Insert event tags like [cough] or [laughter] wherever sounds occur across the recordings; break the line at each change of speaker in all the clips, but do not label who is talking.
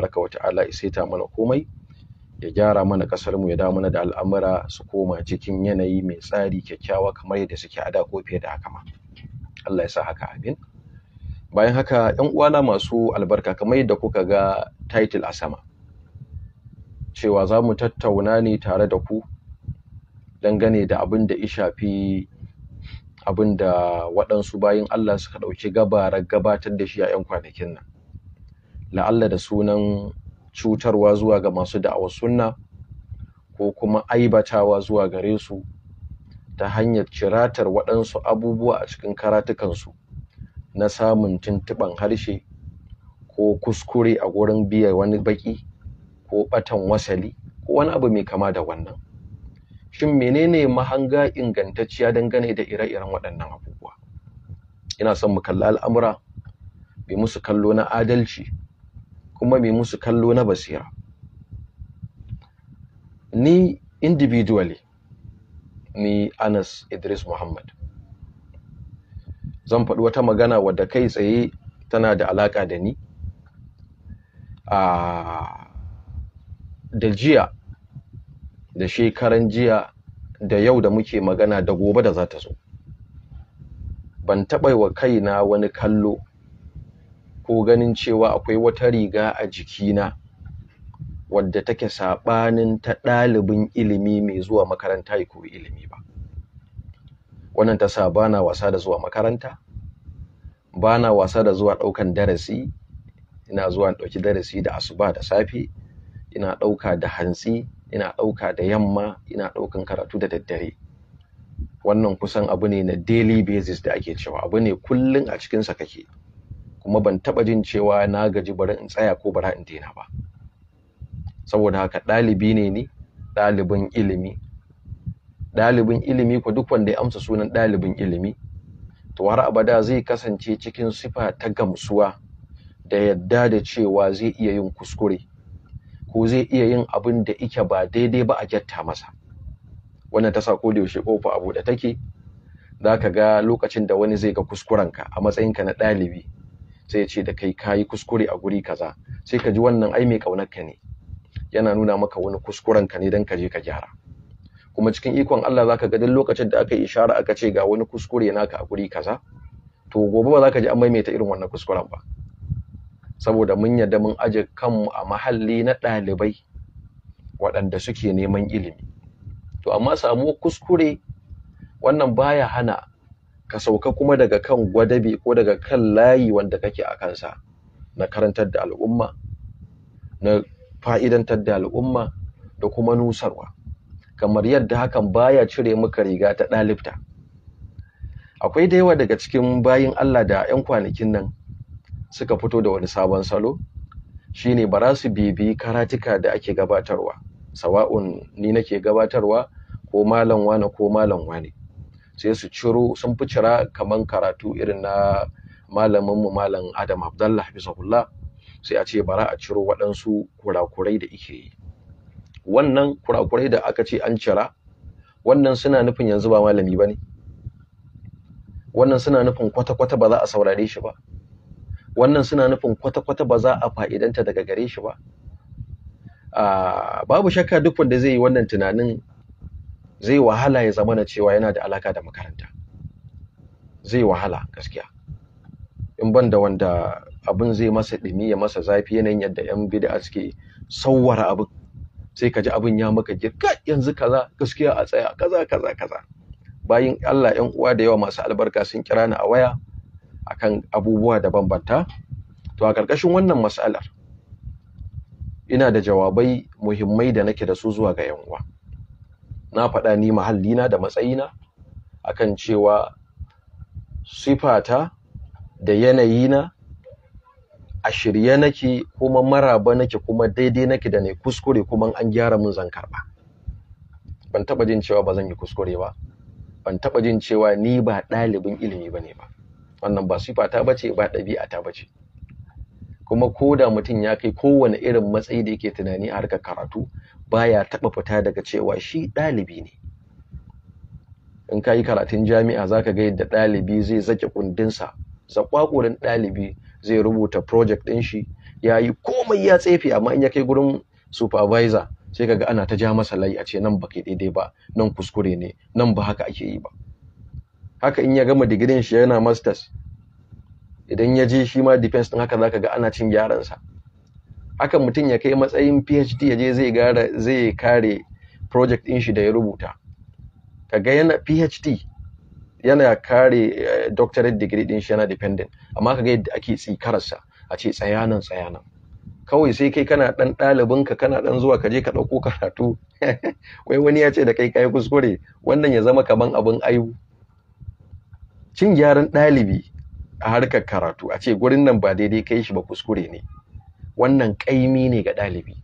tabaraka wa ta'ala ya saita mana komai ya gyara mana kasar mu ya da mana da al'amura su koma cikin yanayi mai tsari kyakkyawa kamar yadda suke a da ko fiye da haka ma Allah ya sa haka amin bayan haka yan uwana masu albarka kamar yadda kuka ga title a sama cewa za mu tattauna ne tare da ku dangane da abin da shafi abin da waɗansu bayan Allah suka ɗauki gabarar gabatar da shi a 'yan kwanakin nan la'alla da sunan cutarwa zuwa ga masu da'awar sunna ko kuma aibatawa zuwa gare su ta hanyar ciratar waɗansu abubuwa a cikin karatukansu na samun tuntuɓan harshe ko kuskure a gurin biya wani baƙi ko ɓatan wasali ko wani abu mai kama da wannan shin menene mahanga ingantacciya dangane da ire-iren waɗannan abubuwa ina son mu kalli al'amura bi musu kallo na adalci kuma mai musu kallo na basira ni individually ni Anas Idris Muhammad zan faɗi wata magana wadda kai tsaye tana da alaƙa da ni a da jiya da shekaran jiya da yau da muke magana da gobe da za ta zo ban taɓa wa kaina wani kallo ko ganin cewa akwai wata riga a jikina wadda take saɓanin ta ɗalibin ilimi mai zuwa makaranta ya koyi ilimi ba wannan ta sa bana wasa da zuwa makaranta bana wasa da zuwa ɗaukan darasi ina zuwa ɗauki darasi da asuba da safe ina ɗauka da hantsi ina ɗauka da yamma ina ɗaukan karatu da daddare wannan kusan abu ne na daily basis da ake cewa abu ne kullum a cikinsa kake kuma ban taɓa jin cewa na gaji bari in tsaya ko bari in daina ba saboda haka ɗalibi ne ni ɗalibin ilimi ɗalibin ilimi ko duk wanda ya amsa sunan ɗalibin ilimi to har abada zai kasance cikin sifa ta gamsuwa da yadda da cewa zai iya yin kuskure ko zai iya yin abin da ike ba daidai ba a gyatta masa wannan ta sa ko da yaushe kofa abu da take za ka ga lokacin da wani zai ga kuskuren ka a matsayinka na ɗalibi sai ya ce da kai kayi kuskure a guri kaza sai ka ji wannan ai mai kaunar ka ne yana nuna maka wani kuskuren ka ne dan ka je ka gyara kuma cikin ikon Allah zaka ga duk lokacin da aka yi ishara aka ce ga wani kuskure naka a guri kaza to gobe ba zaka ji an maimaita irin wannan kuskuren ba saboda mun yadda mun aje kanmu a mahalli na ɗalibai waɗanda suke neman ilimi to amma samu kuskure wannan baya hana ka sauka kuma daga kan gwadabe ko daga kan layi wanda kake a kansa na karantar da al'umma na fa'idantar da al'umma da kuma nusarwa kamar yadda hakan baya cire maka riga ta ɗalibta akwai da yawa daga cikin bayin Allah da 'yan kwanakin nan suka fito da wani sabon salo shine ba za bibi karatuka da ake gabatarwa sawa'un ni nake gabatarwa ko malam wane ko malam wane sai su ciro sun fi cira kaman karatu irin na malaminmu malam adam abdallah hafizahullah sai a ce bara a ciro waɗansu kurakurai da ike yi wannan kurakurai da aka ce an cira wannan suna nufin yanzu ba malami ba ne wannan suna nufin kwata-kwata ba za a saurare shi ba wannan suna nufin kwata-kwata ba za a fa'idanta daga gare shi ba ah, babu shakka duk wanda zai yi wannan tunanin zai wahala ya zama na cewa yana da alaka da makaranta zai wahala gaskiya in ban da wanda abin zai masa ɗumi ya masa zafi yanayin yadda yan bid'a suke sauwara abin sai ka ji abin ya maka girka yanzu kaza gaskiya a tsaya kaza kaza kaza bayin Allah yan uwa da yawa masu albarka sun kira ni a waya akan abubuwa da bambanta to a ƙarƙashin wannan mas'alar ina da jawabai muhimmai da nake da su zuwa ga yan uwa na faɗa ni na da matsayi matsayina akan cewa sifata da yanayi na a shirye nake kuma maraba nake kuma daidai nake da ne kuskure kuma an gyara min zan karɓa. ban taɓa jin cewa ba zan yi kuskure ba ban taɓa jin cewa ni ba ɗalibin ilimi bane ba wannan ba sifata bace ba ɗabi'ata ta bace kuma ko da mutum ya kai kowane irin matsayi da yake tunani a harkar karatu baya taɓa fita daga cewa shi ɗalibi ne in ka yi karatun jami'a za ka ga yadda ɗalibi zai zake kundinsa zakwakurin ɗalibi zai rubuta project ɗin shi ya yi komai ya tsefe amma in ya kai gurin supervisor sai ka ga ana ta ja masa layi a ce nan ba ke daidai ba nan kuskure ne nan ba haka ake yi ba haka in ya gama digirin shi yana masters idan ya je shi ma defense ɗin haka zaka ga ana cin gyaran sa haka mutum ya kai matsayin PhD ya je zai gara zai kare project ɗin shi da ya rubuta kaga yana PhD yana kare eh, doctorate degree din shi yana dependent amma kaga yadda ake tsikarar sa a ce tsayanan tsayanan kawai sai kai kana dan ɗalibin ka kana dan zuwa ka je ka ɗauko karatu [laughs] wai wani ya ce da kai kai kuskure wannan ya zama kaman abin ayu cin gyaran ɗalibi a harkar karatu a ce gurin nan ba daidai kai shi ba kuskure ne wannan kaimi ne ga ɗalibi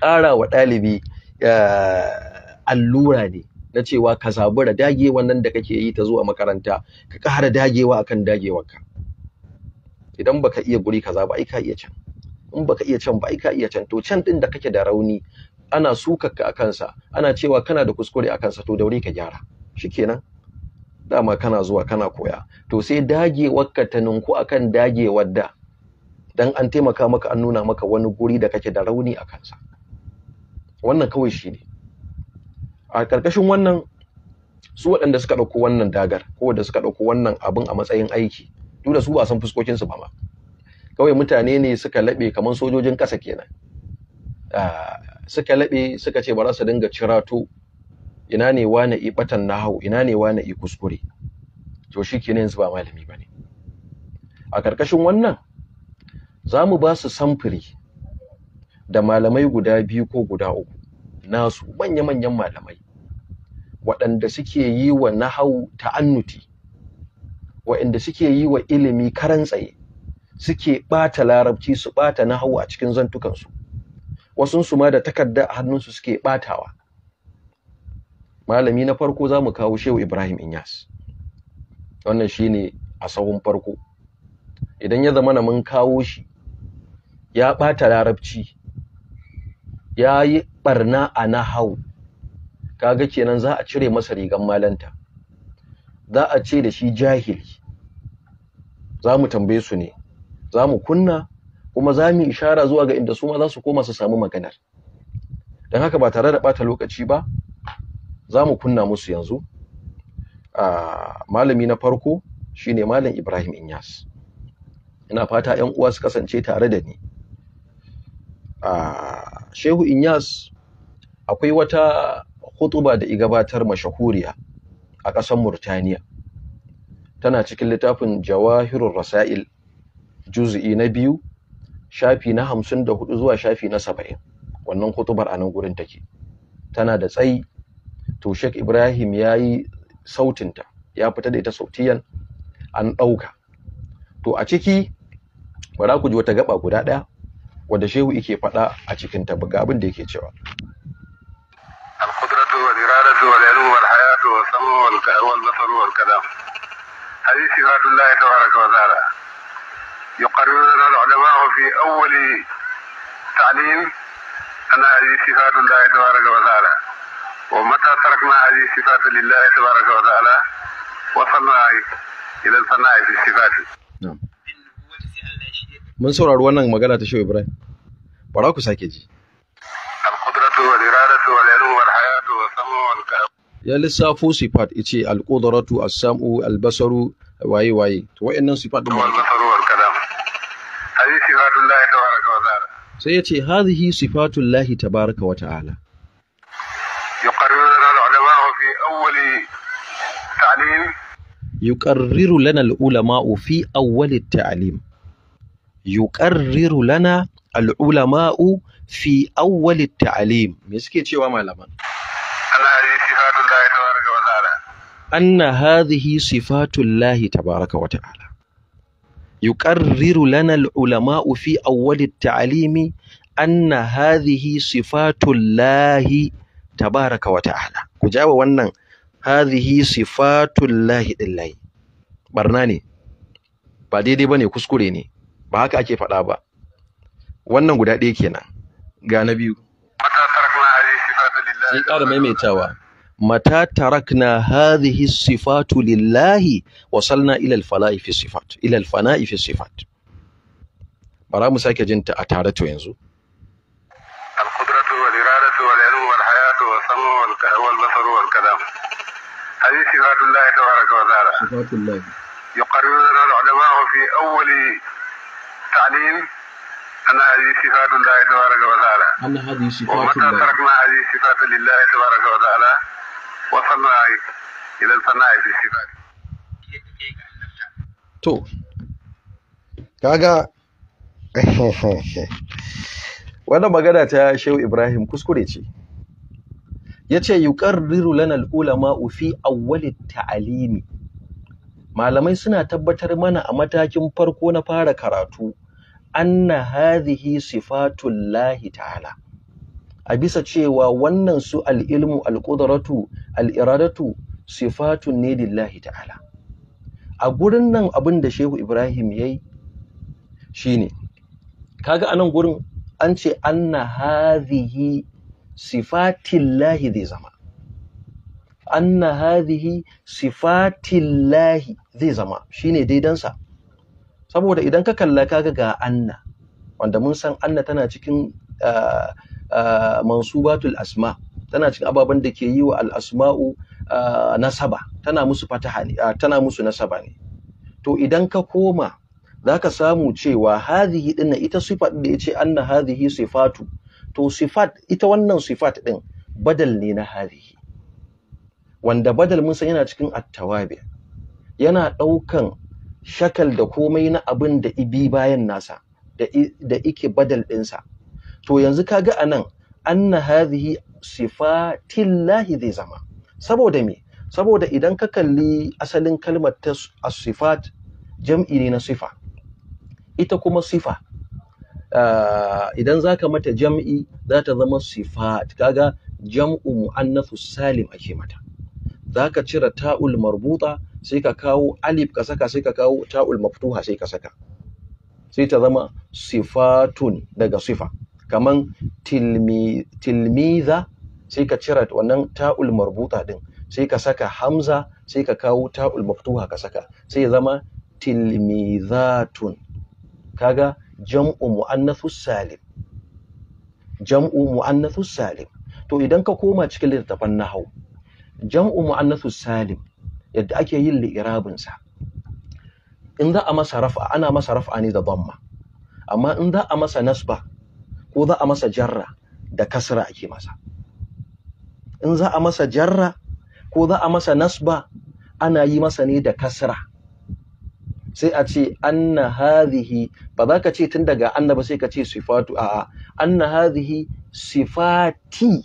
ƙara wa ɗalibi eh, allura ne na cewa ka zabura dagewa nan da kake yi ta zuwa makaranta ka ƙara dagewa akan dagewarka idan baka iya guri kaza ba ai ka iya can in baka iya can ba ai ka iya can to can din da kake da rauni ana sukaka a kansa, ana cewa kana da kuskure akansa kansa, to da wuri ka gyara shikenan dama kana zuwa kana koya to sai dagewar ka ta ninku akan dagewar da dan an taimaka maka an nuna maka wani guri da kake da rauni a kansa wannan kawai shi ne a ƙarƙashin wannan su waɗanda suka ɗauko wannan dagar ko da suka ɗauko wannan abin a matsayin aiki duk da su ba san fuskokinsu ba ma kawai mutane ne suka laɓe kamar sojojin ƙasa kenan ah, suka laɓe suka ce ba za su dinga cirato ina ne wane i batan nahau ina ne wane i kuskure to shikenan yanzu ba malami bane a ƙarƙashin wannan zamu ba su samfuri da malamai guda biyu ko guda uku nasu manya-manyan malamai waɗanda suke yi wa nahau ta'annuti waɗanda suke yi wa ilimi karan tsaye suke ɓata larabci su ɓata nahau a cikin zantukansu wasunsu ma da takarda a hannunsu suke ɓatawa malami na farko za mu kawo shehu ibrahim inyas wannan shi ne a sahun farko idan ya zama na mun kawo shi ya ɓata larabci ya yi ɓarna a nahau kaga kenan za a cire masa rigan malanta za a ce da shi jahili za mu tambaye su ne za mu kunna kuma za mu ishara zuwa ga inda su ma za su koma su samu maganar don haka ba tare da ɓata lokaci ba za mu kunna musu yanzu a malami na farko shine malam Ibrahim Inyas ina fata 'yan uwa su kasance tare da ni a Shehu Inyas akwai wata hutuba da igabatar mashahuriya a ƙasar Murtaniya tana cikin littafin Jawahirur Rasail juz'i na biyu shafi na hamsin da hudu zuwa shafi na saba'in. wannan hutubar a nan gurin take tana da tsayi to Sheikh Ibrahim ya yi sautinta ya fita da ita sautiyan an ɗauka to a ciki bara ku ji wata gaba guda ɗaya wadda shehu yake faɗa a cikin ta ga abin da yake cewa
القدرة والإرادة والعلم والحياة والسمع والبصر والكلام هذه صفات الله تبارك وتعالى يقررها العلماء في أول تعليم أن هذه صفات الله تبارك وتعالى ومتى تركنا هذه الصفات لله تبارك وتعالى وصلنا إلى الفناء في الصفات
نعم من سورة روانا مقالة شو إبراهيم براكو ساكيجي القدرة والإرادة والعلم والحياة والسمع والكلام ya lissafo sifat ice alƙudaratu as-sam'u al-basaru waye waye
to wayannan sifat din wal basaru wal kalam hadhihi sifatullahi tabaraka wa ta'ala
sai yace hadhihi sifatullahi tabaraka wa ta'ala Yuƙarriru lana al-ulama'u fi awwal at-ta'lim yuqarriru lana al-ulama'u fi awwal at-ta'lim me suke cewa malaman anna hadhihi sifatullahi tabaraka wa ta'ala yuqarriru lana al-ulama'u fi awwal at-ta'limi anna hadhihi sifatullahi tabaraka wa ta'ala ku jawa wannan hadhihi sifatullahi dillahi barna ne ba daidai bane kuskure ne ba haka ake faɗa ba wannan guda ɗaya kenan ga na biyu sai ƙara maimaitawa mata tarakna hadhihi sifatu lillahi wasalna ila al sifat ila sifat bara mu sake jinta a tare to yanzu صفات الله
يقررنا العلماء في أول تعليم أن هذه صفات الله تبارك وتعالى أن هذه صفات الله ومتى تركنا هذه صفات لله تبارك وتعالى وصلنا إلى الفناء في الصفات
تو كاغا wannan magana ta Shehu Ibrahim kuskure ce yace yuqarriru lana al-ulama fi awwal at-ta'limi malamai suna tabbatar mana a matakin farko na fara karatu anna hadhihi sifatul lahi ta'ala a bisa cewa wannan su al'ilmu al'udaratu al'iradatu sifatun ne lillahi ta'ala a gurin nan abin da shehu ibrahim yayi yi shi ne kaga anan gurin an ce anna hadhihi lahi zai zama anna hadhihi sifatillahi zai zama shine daidansa saboda idan ka kalla kaga ga anna wanda mun san anna tana cikin ah, ah, mansubatul asma tana cikin ababen da ke yi wa al-asma'u ah, nasaba tana musu tana musu nasaba ne to idan ka koma zaka samu cewa hadhihi din ita sifat da yace anna hadhihi sifatu to sifat ita wannan sifat din badal ne na hadhihi wanda badal mun san yana cikin attawabi yana ɗaukan shakal da komai na abin da ibi bayan nasa da ike badal ɗinsa to yanzu ka kaga anan anna hadhihi sifatillahi zai zama saboda me saboda idan ka kalli asalin kalmar ta sifat jam'i ne na sifa ita kuma sifa eh, idan zaka mata jam'i za ta zama sifat kaga jam'u mu'annathus salim ake mata zaka cire ta'ul marbuta sai ka kawo alif ka saka sai ka kawo ta'ul maftuha sai ka saka sai ta zama sifatun daga sifa kaman tilmiza sai ka cire wannan ta'ul marbuta din sai ka saka hamza sai ka kawo ta'ul maftuha ka saka sai ya zama tilmizatun kaga jam'u mu'annathus salim jam'u mu'annathus salim to idan ka koma cikin littafin nahwu jam'u mu'annasu salim yadda ake yin li'irabinsa in za a masa rafa ana masa rafa ne da dhamma amma in za a masa nasba ko za a masa jarra da kasra ake masa in za a masa jarra ko za a masa nasba ana yi masa ne da kasra sai a ce anna hadhihi ba za ka ce tun daga annaba sai ka ce sifatu a'a anna hadhihi sifati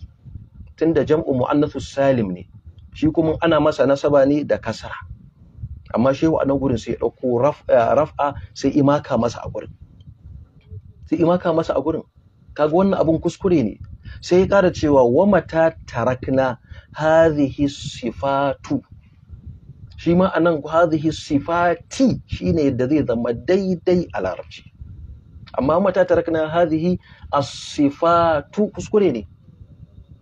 tunda jam'u mu'annasu salim ne shi kuma ana masa nasaba ne da kasara amma shehu a nan gurin sai ya ɗauko eh, raf'a sai imaka masa a gurin sai imaka masa a gurin kaga wannan abun kuskure ne sai ya ƙara cewa wa mata tarakna hadhihi sifatu shi ma anan hadhihi sifati shine yadda zai zama daidai a larabci amma mata tarakna hadhihi as-sifatu kuskure ne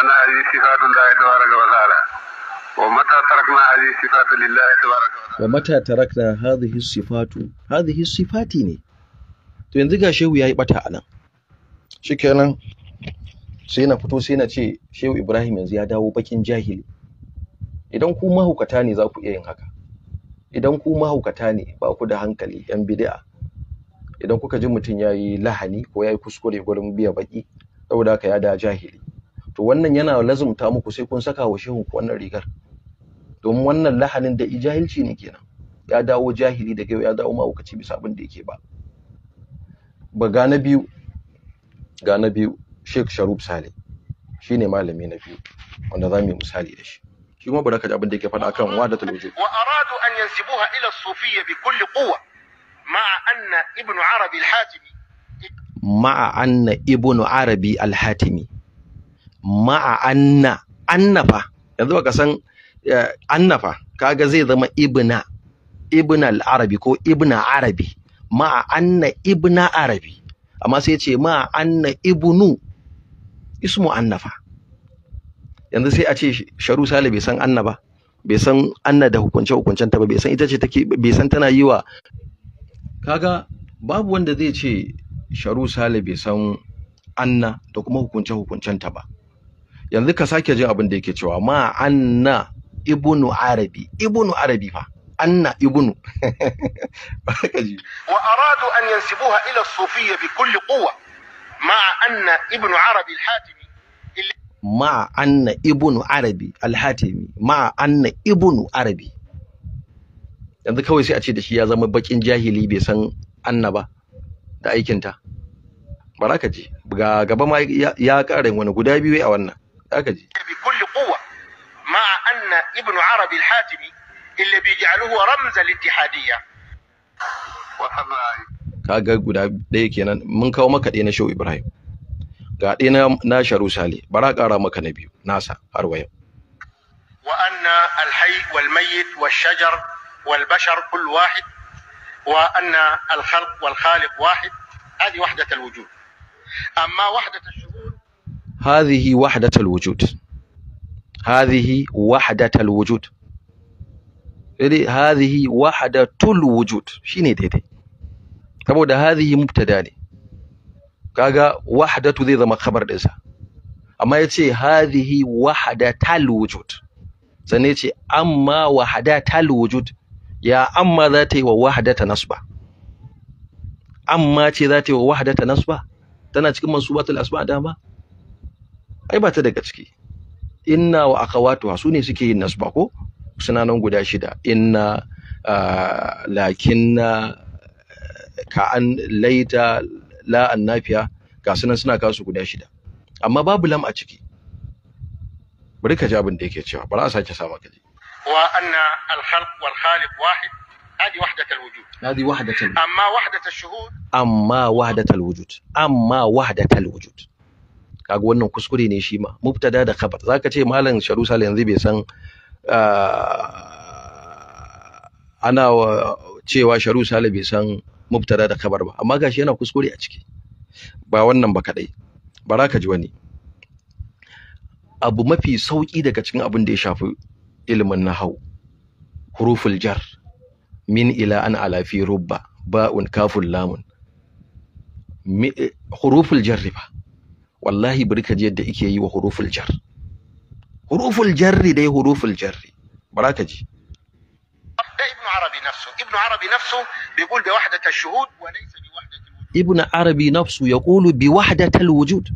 أن هذه صفات الله تبارك وتعالى
ومتى تركنا هذه الصفات لله تبارك وتعالى ومتى تركنا هذه الصفات هذه الصفات ne to yanzu ga shehu yayi bata anan shikenan sai na fito sai na ce shehu Ibrahim yanzu ya dawo bakin jahili idan ku mahaukata ne za ku iya yin haka idan ku mahaukata ne ba ku da hankali yan bid'a idan kuka ji mutum ya yi lahani ko ya yi kuskure gurin biya baki saboda haka ya da jahili to wannan yana lazumta muku sai kun saka wa shehu wannan rigar domin wannan lahanin da ijahilci ne kenan ya dawo jahili daga yau ya dawo mahaukaci bisa abin da yake ba ba ga na biyu ga na biyu Sheikh Sharuf Sale shine malami na biyu wanda zamu yi misali da shi shi kuma baraka abin da yake faɗa akan wadatul wujud
wa aradu an yansibuha ila sufiyya bi kulli quwwa ma'a anna ibnu arabi al-hatimi
ma'a anna ibnu arabi al-hatimi ma'a anna annafa yanzu baka san annafa kaga zai zama ibna ibna al-arabi ko ibna arabi ma'a anna ibna arabi amma sai ce ma'a anna ibnu ismu annafa yanzu sai a ce sharu sale bai san annaba? bai san anna da hukunce hukuncen ta ba bai san ita ce take bai san tana yi wa kaga babu wanda zai ce sharu sale bai san anna da kuma hukunce hukuncen ta ba yanzu ka sake jin abin da yake cewa ma anna ibnu arabi ibnu arabi fa anna ibnu [laughs] baraka ji
wa aradu an yansibuha ila sufiyya bi kulli quwwa ma anna ibnu arabi al-hatimi
ma anna ibnu arabi al-hatimi ma anna ibnu arabi yanzu kawai sai a ce da shi ya zama bakin jahili bai san anna ba da aikinta baraka ji ga gaba ma ya ƙara wani guda biyu a wannan أكدي
بكل قوة مع أن ابن عربي الحاتمي اللي بيجعله رمز الاتحادية
كاغا غودا داي كينان من كاو مكا شو ابراهيم غا دينا ناشا روسالي برا قارا مكا ناسا هر وان
الحي والميت والشجر والبشر كل واحد وان
الخلق والخالق واحد هذه وحده الوجود اما وحده الشهود hadhihi wahdatul wujud hadhihi wahdatul wujud dai hadhihi wahdatul wujud shine daidai saboda hadhihi mubtada ne kaga wahdatu zai zama khabar ɗinsa? amma yace hadhihi wahdatul wujud sannan yace amma wahdatul wujud ya amma za ta yi wa wahdata nasba amma ce za ta yi wa wahdata nasba tana cikin mansubatul asma dama ai ba ta daga ciki inna wa akhawatuha su ne suke yin nasba ko suna nan guda shida inna lakinna ka'an laita la annafiya ga sunan suna kasu guda shida amma babu lam a ciki bari ka ji abin da yake cewa bari a sake sama ka kaji
wa anna al-khalq wal khaliq wahid هذه وحدة الوجود
هذه وحدة الوجود
أما وحدة الشهود
أما wujud. الوجود أما وحدة الوجود kaga wannan kuskure ne shi ma mubtada da khabar zaka ce malam sharu yanzu bai san ah, ana cewa sharu bai san mubtada da khabar ba amma gashi yana kuskure a ciki ba wannan ba kadai bara ka ji wani abu mafi sauki daga cikin abin da ya shafi ilimin nahau huruful jar min ila an ala fi rubba ba'un kaful lamun eh, huruful jar ba wallahi bari ka ji yadda ike yi wa huruful jar huruful jarri dai huruful jarri bara ka ji
ده ابن عربي نفسه ابن عربي نفسه بيقول بوحدة الشهود
وليس بوحدة الوجود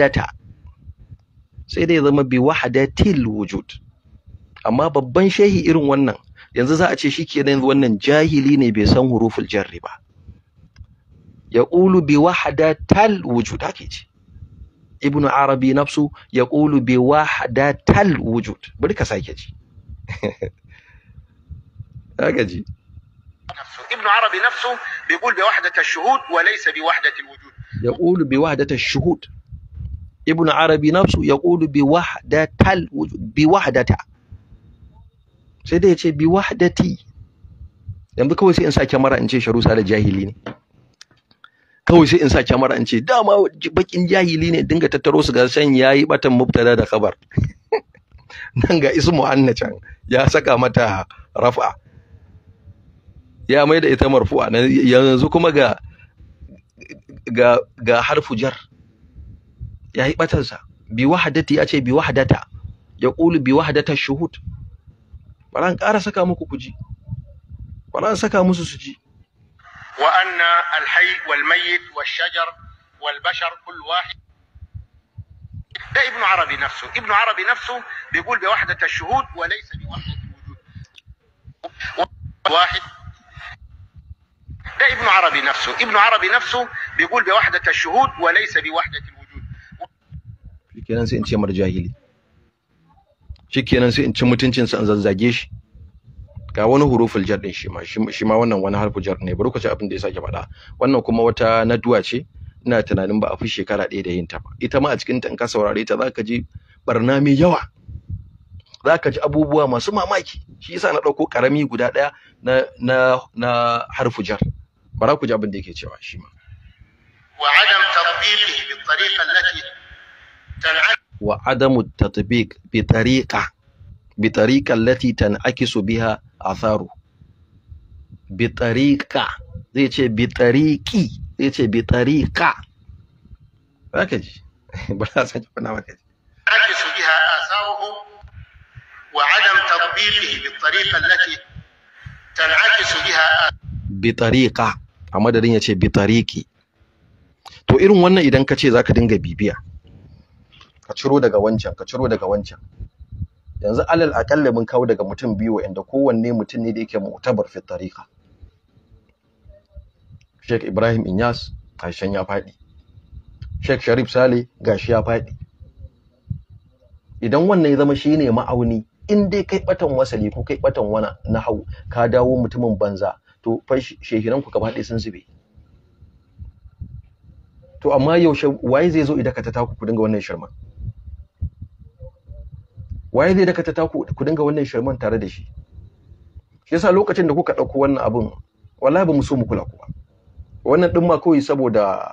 ابن sai dai zama bi wahadatil wujud amma babban shehi irin wannan yanzu za a ce shikenan wannan jahili ne bai san huruful jarri ba yaqulu bi wahdatal wujud hake ce ibn arabi nafsu yaqulu bi wahdatal wujud bari ka sake ji haka ji
ابن عربي نفسه بيقول بوحدة الشهود وليس بوحدة الوجود
يقول بوحدة الشهود ابن عربي نفسه يقول بوحدة الوجود بوحدة sai dai ya ce bi wahdati yanzu kawai sai in sa kyamara in ce sharusa da jahili ne kawai sai in sa kyamara in ce dama bakin jahili ne dinga tattaro su ga san yayi batan mubtada da khabar [laughs] nan ga ismu annacan ya saka mata rafa ya mai da ita marfu'a yanzu kuma ga ga ga harfu jar yayi batansa bi wahadati ya ce bi wahadata ya bi wahadata shuhud bara an ƙara saka muku ku ji bara an saka musu su ji
ده ابن عربي نفسه ابن عربي نفسه بيقول بوحدة الشهود وليس بوحدة الوجود واحد ده ابن عربي نفسه ابن عربي نفسه بيقول بوحدة الشهود وليس بوحدة الوجود
في كلام انت يا جاهلي shikenan sai in ci mutuncin sa in zazzage shi ga wani huruful jar din shi ma shi ma wannan wani harfu jar ne bari ku ci abin da ya sake faɗa wannan kuma wata naduwa ce ina tunanin ba a fi shekara ɗaya da yin ta ba ita ma a cikin ta in ka saurare ta zaka ji barna mai yawa zaka ji abubuwa masu mamaki shi yasa na ɗauko ƙarami guda ɗaya na na na harfu jar bara ku ji abin da yake cewa shi ma
وعدم تطبيقه بالطريقه التي
تنعكس wa adamu tatbiq bi tariqa bi tariqa allati tan'akisu biha atharu bi tariqa zai ce bi tariqi zai ce bi tariqa zaka ba za ka ji [laughs] fana maka
biha wa adam tatbiqihi bi tariqa allati tan'akisu
a madadin ya ce bi to irin wannan idan ka ce zaka dinga bibiya ka ciro daga wancan ka ciro daga wancan yanzu alal aƙalla mun kawo daga mutum biyu inda kowanne mutum ne da yake mu'tabar fi tariqa Sheikh Ibrahim Inyas gashin ya faɗi Sheikh Sharif Sale gashi ya faɗi idan wannan ya zama shine ma'auni in dai kai batan wasali ko kai batan wana na hau ka dawo mutumin banza to fa shehiran ku gaba ɗaya sun zube to amma yaushe waye zai zo idan ka ta taku ku dinga wannan shirman waye zai dakata ta ku ku dinga wannan sharman tare da shi shi yasa lokacin da kuka dauko wannan abun wallahi ba mu so mu kula ku wannan din ma kawai saboda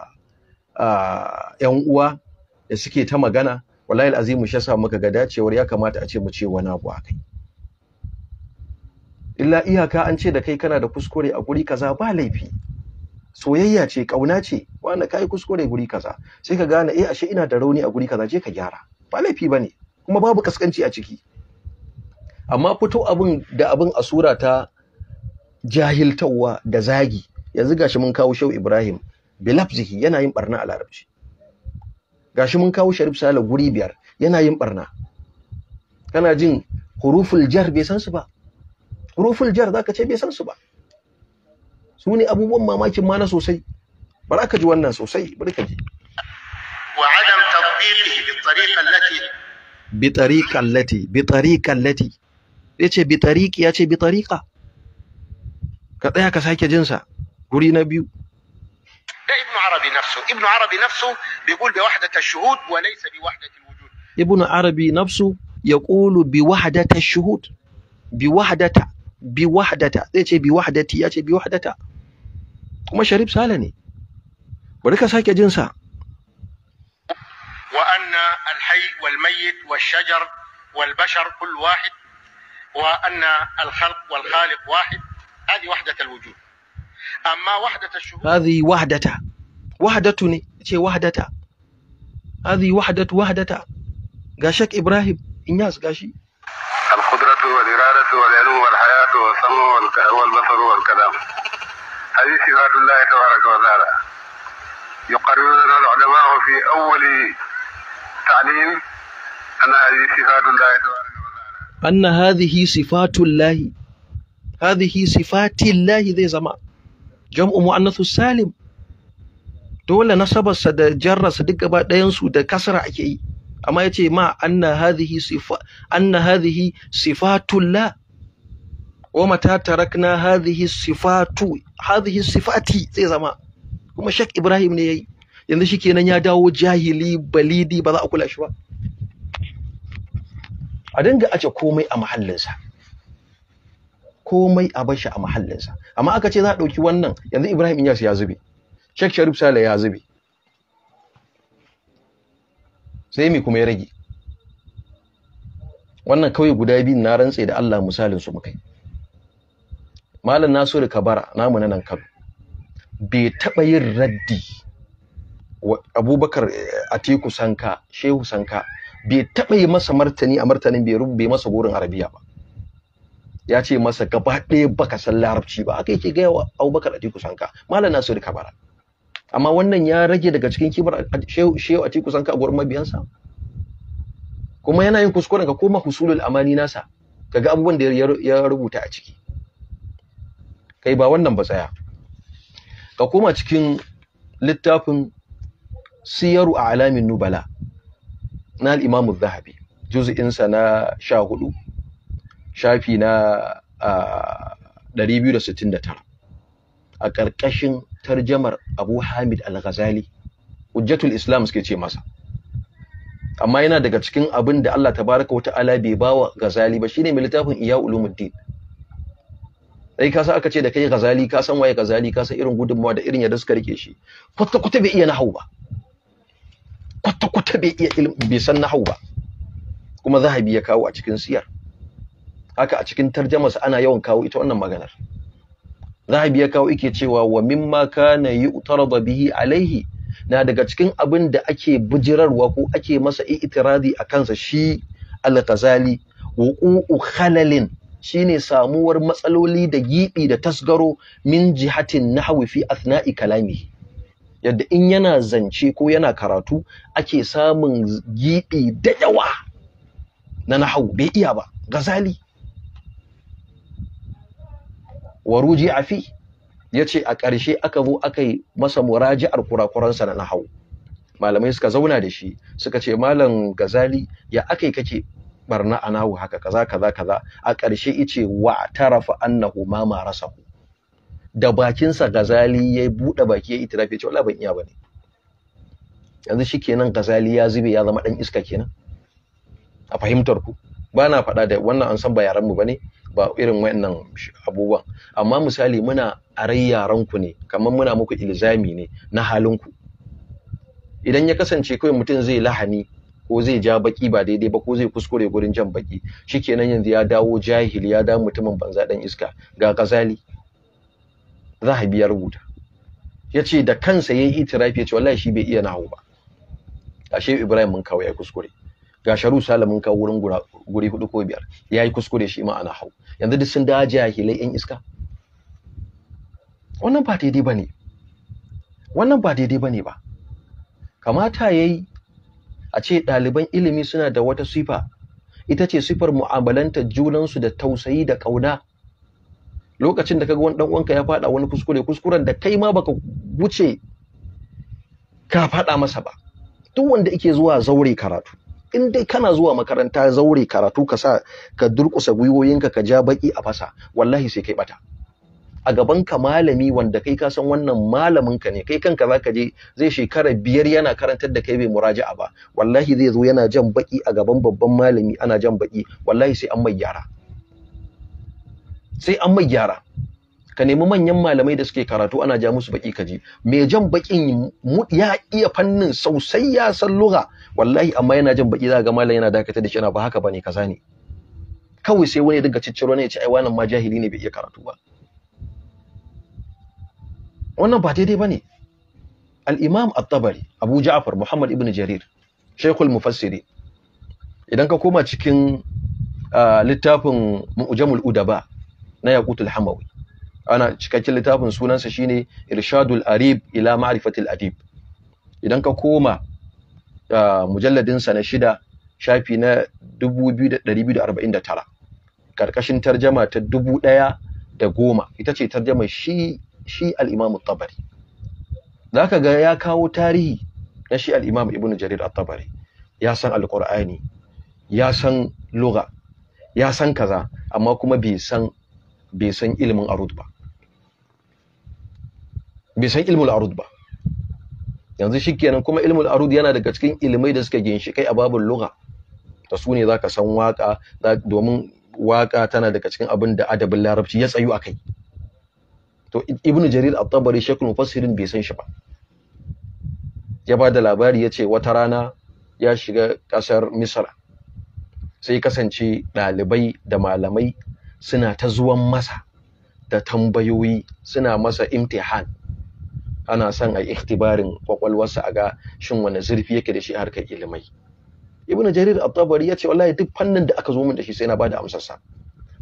yan uwa da suke ta magana wallahi alazim shi yasa muka ga dacewar ya kamata a ce mu ce wani abu akai illa iyaka an ce da kai kana da kuskure a guri kaza ba laifi soyayya ce kauna ce wanda kai kuskure guri kaza sai ka gane eh ashe ina da rauni a guri kaza je ka gyara ba laifi bane kuma babu kaskanci a ciki amma fito abin da abin a sura ta jahiltawa da zagi yanzu gashi mun kawo shau Ibrahim bilafzihi yana yin barna a larabci gashi mun kawo Sharif sala guri biyar yana yin barna kana jin huruful jar bai san su ba huruful jar zaka ce bai san su ba su ne abubuwan mamakin ma na sosai bari ka ji wannan sosai bari ka ji wa adam tadbiqihi
bi tariqa allati
بطريقة التي بطريقة التي يче بطريقة يче بطريقة كذا يا كسائك جنسا غوري ده ابن
عربي نفسه ابن عربي نفسه بيقول بوحدة الشهود وليس بوحدة الوجود
ابن عربي نفسه يقول بوحدة الشهود بوحدة بوحدة يче بوحدة يче بوحدة وما شرب سالني ولكن سائك جنسا
وأن الحي والميت والشجر والبشر كل واحد وأن الخلق والخالق واحد هذه وحدة الوجود أما وحدة الشهود
هذه وحدتها وحدتني شيء وحدتها هذه وحدة وحدتها قاشك إبراهيم الناس قاشي القدرة
والإرادة والعلم والحياة والسمع والبصر والكلام هذه صفات الله تبارك وتعالى يقررنا العلماء في أول التعليم
أن هذه صفات الله تبارك Salim أن هذه صفات dole nasabarsa da jarrarsa duk gaba ɗayansu da kasara ake yi amma ya ce ma anna hadhihi sifa anna hadhihi wa tarakna hadhihi sifatu hadhihi sifati zai zama kuma shek ibrahim ne yayi yanzu shi kenan ya dawo jahili balidi ba za a kula shi ba a dinga ace komai a mahallinsa komai a bashi a mahallinsa amma aka ce za a ɗauki wannan yanzu ibrahim inyas ya zube shek sharif sale ya zube sai me kuma ya rage wannan kawai guda biyu na rantse da allah misalin su mukai malam nasiru kabara namu na nan kano bai taɓa yin raddi abubakar eh, atiku sanka shehu sanka bai taɓa yi masa martani a martanin bai masa gorin arabiya ba ya ce masa gaba ɗaya baka san larabci ba aka yake gaya wa abubakar atiku sanka malam nasiru kabara amma wannan ya rage daga cikin kibar eh, shehu atiku sanka a gurin mabiyansa kuma yana yin kuskuren ka koma husulul amani nasa kaga abubuwan da ya rubuta a ciki kai ba wannan ba tsaya ka koma cikin littafin siyaru a alamin nubala na al'imamu zahabi juzi'insa na sha hudu shafi na tara, a ƙarƙashin tarjamar abu hamid al-ghazali hujjatul islam suke ce masa amma yana daga cikin abin da Allah tabaraka wata ala bai bawa ghazali ba shine mai littafin iya ulumuddin sai kasa aka ce da kai ghazali kasan san waye ghazali ka irin gudunmawa da irin yadda suka rike shi kwata kwata bai iya na hau ba kwata-kwata bai iya bai san nahau ba kuma zahabi ya kawo a cikin siyar haka a cikin tarjamarsa ana yawan kawo ita wannan maganar zahabi ya kawo yake cewa wa mimma kana yu'tarada bihi alaihi na daga cikin abin da ake bujirarwa ko ake masa itirazi a kansa shi al-ghazali wuqu'u khalalin shine samuwar matsaloli da gibi da tasgaro min jihatin nahwi fi athna'i kalami yadda in yana zance ko yana karatu ake samun giɓi da yawa na nahau bai iya ba gazali waruji afi ya ce a ƙarshe aka zo aka yi masa muraji'ar kurakuransa na nahau malamai suka zauna da shi suka ce malam gazali ya akai kake barna a nahu haka kaza kaza kaza a ƙarshe ice wa tarafa annahu ma marasahu da bakinsa Gazali ya buɗe baki ya itirafi ya ce wala ban iya bane yanzu shikenan Gazali ya zube ya zama dan iska kenan a fahimtar ku ba na faɗa da wannan an san ba yaran mu bane ba irin wayannan abubuwan amma misali muna arai yaran ku ne kamar muna muku ilzami ne na halin ku idan ya kasance kawai mutum zai lahani ko zai ja baki ba daidai ba ko zai kuskure gurin jan baki shikenan yanzu ya dawo jahili ya dawo mutumin banza dan iska ga Gazali a biya rubuta ya ce da kansa ya yi itirafi ya ce wallahi shi bai iya nahu ba ashe ibrahim mun kawo ya kuskure ga sharu salam mun kawo wurin guri hudu ko biyar ya yi kuskure shi ma ana hau yanzu duk sun da jahilai yan iska wannan ba daidai ba ne wannan ba daidai ba ne ba kamata ya yi a ce ɗaliban ilimi suna da wata sifa ita ce sifar mu'amalanta junansu da tausayi da ƙauna lokacin da kaga wani dan uwanka ya fada wani kuskure kuskuren da kai ma baka wuce ka faɗa masa ba duk wanda yake zuwa zaure karatu in dai kana zuwa makaranta zaure karatu ka sa ka durƙusa gwiwoyinka ka ja baki a fasa wallahi sai kai bata a gaban ka malami wanda kai ka san wannan malamin ka ne kai kanka zaka je zai shekara biyar yana karantar da kai bai muraja'a ba wallahi zai zo yana jan baki a gaban babban malami ana jan baki wallahi sai an mai gyara sai an mai gyara ka nemi manyan malamai da suke karatu ana ja musu baki kaji mai jan bakin ya iya fannin sosai ya san lugha wallahi amma yana jan baki za ga malam yana dakatar da shi yana ba haka bane kaza ne kawai sai wani daga cicciro ne ya ce ai wannan ma jahili ne bai iya karatu ba wannan ba daidai bane al-imam at-tabari abu ja'far muhammad ibn jarir shaykhul mufassiri idan ka koma cikin ah, littafin mu'jamul udaba na yaqutul hamawi ana cikakken littafin sunansa shine irshadul arib ila ma'rifatil adib idan ka koma mujalladin sa na shida shafi na 2249 karkashin tarjama ta 1010 ita ce tarjama shi shi al-imam at-tabari zaka ga ya kawo tarihi na shi al-imam ibn jarir at-tabari ya san al-qur'ani ya san lugha ya san kaza amma kuma bai san bai san ilimin arut ba bai san ilmul ba yanzu shi kenan kuma ilimin arud yana daga cikin ilimai da suka kai a babin lugha da su ne ka san waka domin waka tana daga cikin abin da adabin larabci ya tsayu kai. to ibnu jarir at-tabari shekul mufassirin bai san shi ba ya ba da labari ya ce wata rana ya shiga kasar misra sai kasance ɗalibai da malamai suna ta zuwan masa da tambayoyi suna masa imtihan ana son a ikhtibarin kwakwalwarsa a ga shin wani zurfi yake da shi harkar ilimai ibnu jarir at-tabari yace wallahi duk fannin da aka zo min da shi sai na bada amsar sa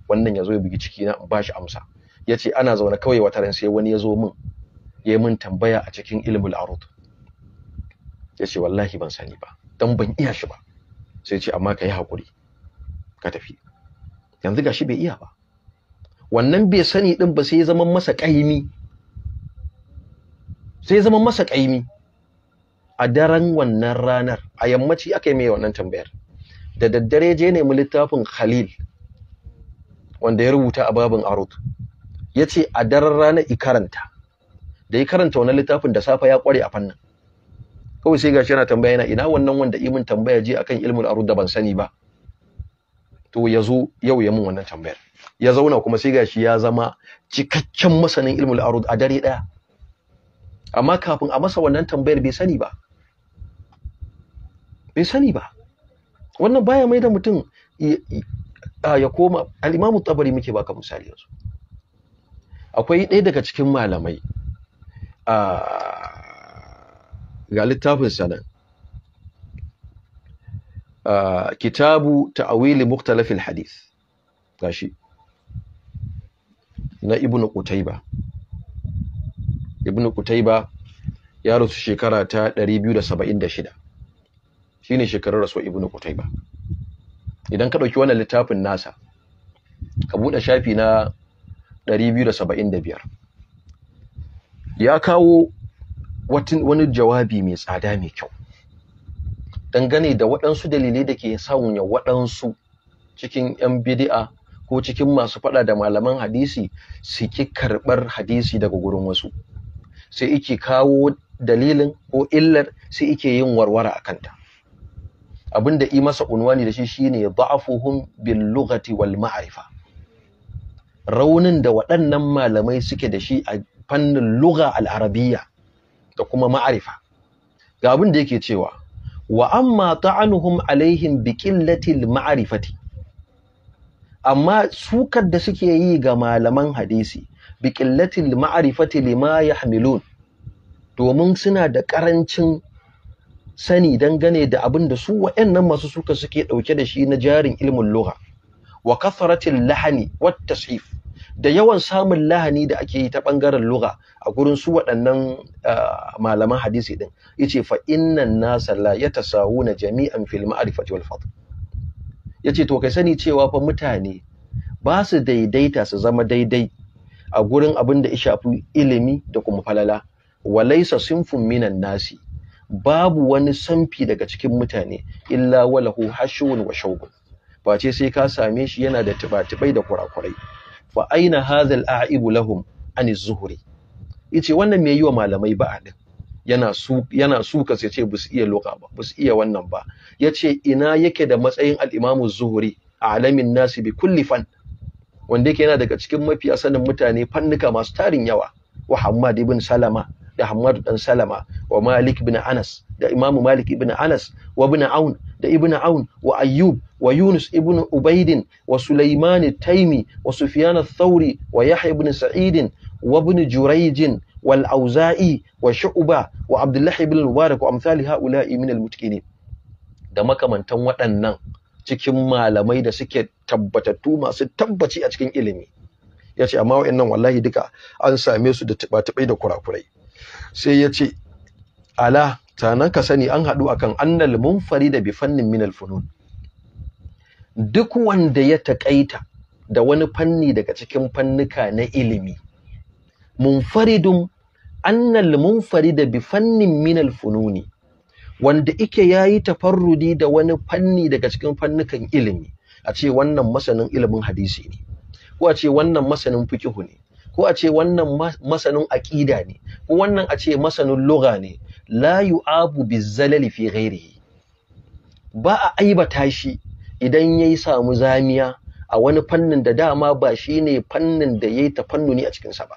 wannan yazo ya bugi ciki na in bashi amsa yace ana zaune kawai wata ran sai wani yazo min yayi min tambaya a cikin ilmul Ya yace wallahi ban sani ba dan ban iya shi ba sai ce amma kai hakuri ka tafi yanzu gashi bai iya ba wannan bai sani din ba sai ya zama masa ƙaimi sai ya zama masa ƙaimi a daren wannan ranar a yammaci aka yi mai wannan tambayar da daddare je nemi littafin khalil wanda ya rubuta a babin arut ya ce a daren ranar karanta. da ya karanta wani littafin da safa ya kware a fannin kawai sai gashi yana tambaya yana ina wannan wanda imin tambaya je akan ilmul arut da ban sani ba to ya zo yau ya mun wannan tambayar ya zauna kuma sai gashi ya zama cikakken masanin ilmul arud a dare daya amma kafin a masa wannan tambayar bai sani ba bai sani ba wannan baya mai da mutum ya koma al-imamu tabari muke baka misali yanzu akwai ɗaya daga cikin malamai ah, ga littafin sanan kitabu ta'awili mukhtalafil hadith gashi na ibnu qutayba ibnu qutayba ya rasu shekara ta 276 shine shekarar rasu ibnu qutayba idan ka ɗauki wannan littafin nasa ka buɗe shafi na biyar. ya kawo wani jawabi mai tsada mai kyau dangane da waɗansu dalilai da ke sanya waɗansu cikin 'yan bidi'a ko cikin masu faɗa da malaman hadisi su ki karɓar hadisi daga gurin wasu sai ike kawo dalilin ko illar sai ike yin warware a kanta abin da masa unwani da shi shine da'afuhum bil lughati wal ma'rifa raunin da waɗannan malamai suke da shi a fannin lugha al arabiyya da kuma ma'rifa ga abin da yake cewa wa amma ta'anuhum alaihin bi qillatil Ma'arifati, amma sukar da suke yi ga malaman hadisi bi qillatil Ma'arifati lima yahmilun domin suna da ƙarancin sani dangane da abin da su wayannan masu suka suke dauke da shi na jarin ilmin lugha wa kathratil lahani wat tas'if da yawan samun lahani da ake yi ta ɓangaren lugha a gurin su waɗannan ah, malaman hadisi ɗin yace fa innan nasa la yatasawuna jami'an fil ma'rifati wal fadl yace to kai sani cewa fa mutane ba su daidaita su zama daidai a gurin abin da ya shafi ilimi da kuma falala walaisa sinfun minan nasi babu wani samfi daga cikin mutane illa walahu hashun wa shawbun face sai ka same shi yana da tibatibai da kurakurai wa aina hadhal a'ibu lahum an zuhri. yace wannan me yi wa malamai ba din yana su yana suka sai ce bus iya loka ba bus iya wannan ba yace ina yake da matsayin al az-zuhri alamin nasi bi kulli fan wanda yake yana daga cikin mafiya sanin mutane fannuka masu tarin yawa wa Hammad ibn Salama da Hammadu dan Salama wa Malik bin Anas da Imam Malik ibn Anas wa ibn Aun da ibn Aun wa Ayyub wa Yunus ibn Ubaidin wa Sulaiman taimi wa Sufyan thawri wa Yahya ibn Sa'id wa ibn Jurayj wal Auza'i wa Shu'ba wa Abdullah ibn Mubarak wa amsali ha'ula'i min al da makamantan waɗannan cikin malamai da suke tabbatattu masu tabbaci a cikin ilimi ya ce amma wa'annan wallahi duka an same su da tuba da kurakurai sai ya ce ala tanan ka sani an haɗu akan annal da bi fannin min funun duk wanda ya taƙaita da wani fanni daga cikin fannuka na ilimi munfaridun annal da bi fannin min fununi, wanda ike yayi tafarrudi da wani fanni daga cikin fannukan ilimi a ce wannan masanin ilimin hadisi ne ko a ce wannan masanin fiqhu ne ko a ce wannan masanin aƙida ne ko wannan a ce masanin lura ne la abu bizzalali fi ghairihi ba a aibata shi idan ya yi samu zamiya a wani fannin da dama ba shi ne fannin da ya yayi tafannuni a cikinsa ba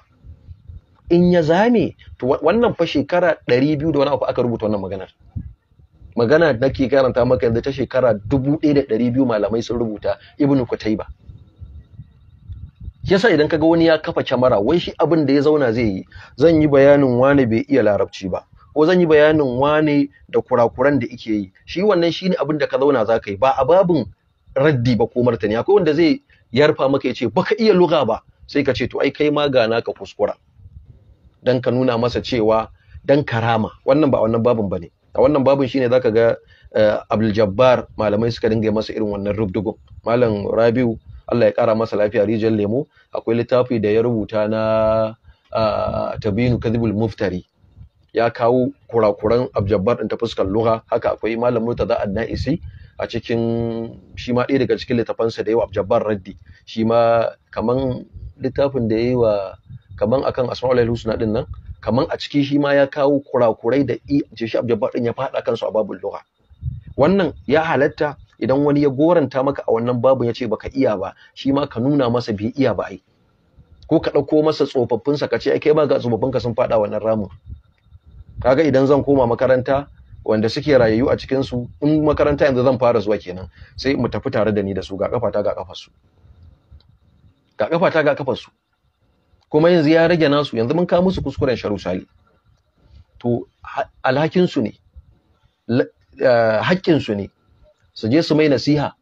in ya zame to wannan fa shekara 200 da wani abu aka rubuta wannan maganar magana nake karanta maka yanzu ta shekara 1200 malamai sun rubuta ibnu kutaiba yasa idan kaga wani ya kafa kyamara wai shi abin da ya zauna zai yi zan yi bayanin wane bai iya larabci ba ko zan yi bayanin wane da kurakuran da ike yi shi wannan shine abin da ka zauna za ka ba a babin raddi ba ko martani akwai wanda zai yarfa maka ya ce baka iya lugha ba sai ka ce to ai kai ma gana ka kuskura dan ka nuna masa cewa dan karama wannan ba wannan babin bane a wannan babin shine zaka ga eh, Abdul Jabbar malamai suka dinga masa irin wannan rubdugun malam Rabiu Allah ya ƙara masa lafiya rijal lemo akwai littafi da ya rubuta na tabinu kadibul muftari ya kawo kurakuran abjabbar ɗin ta fuskar lugha haka akwai malam murtaza annaisi a cikin shi ma ɗaya daga cikin littafansa da wa abjabbar raddi shi ma kaman littafin da ya yi wa kaman akan asma'ul husna ɗin nan kaman a ciki shi ma ya kawo kurakurai da i shi abjabbar ɗin ya faɗa kansu a babul lugha wannan ya halatta idan wani ya goranta maka a wannan babu ya ce baka iya ba shi ma ka nuna masa bai iya ba ai ko ka ɗauko masa tsofaffinsa ka ce ai kai ma ga ka sun faɗa wannan ramin kaga idan zan koma makaranta wanda suke rayayyu a cikin su in makaranta yanzu zan fara zuwa kenan sai mu tafi tare da ni da su ga kafata ga kafar su ga kafata ga kafar su kuma yanzu ya rage nasu yanzu mun ka musu kuskuren sharu sali to alhakin su ne eh, haƙƙin su ne su je su mai nasiha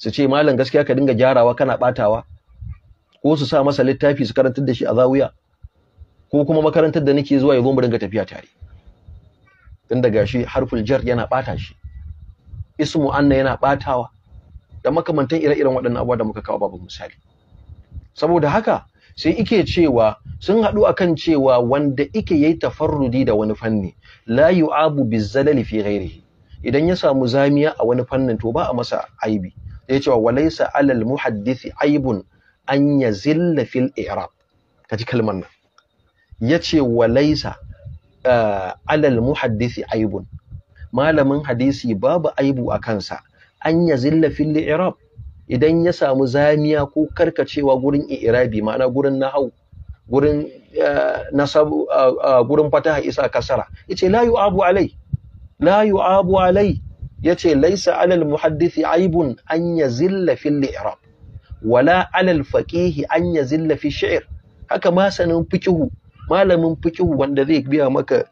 su ce malam gaskiya ka dinga gyarawa kana batawa ko su sa masa littafi su karantar da shi a zawiya ko kuma makarantar da nake zuwa ya zo mu dinga tafiya tare tun daga shi harful jar yana bata shi ismu anna yana batawa da makamantan ire-iren waɗannan abubuwa da muka kawo babu misali saboda haka sai ike cewa sun haɗu akan cewa wanda ike yayi tafarrudi da wani fanni la yu'abu bizzalali fi ghairihi idan ya samu zamiya a wani fannin to ba a masa aibi sai cewa walaysa alal muhaddisi aibun an yazilla fil i'rab kaji kalmar nan yace walaysa eh, alal muhaddisi aibun malamin hadisi babu aibu a kansa an yazilla fil i'rab idan ya samu zamiya ko karkacewa gurin i'rabi ma'ana gurin nahau gurin eh, nasabu eh, gurin fataha isa kasara yace la abu alai la abu alai yace laisa alal muhaddisi aibun an Zilla fi i'rab wala alal faqihi an Zilla fi shi'r haka masanin fikihu malamin fikihu wanda zai biya maka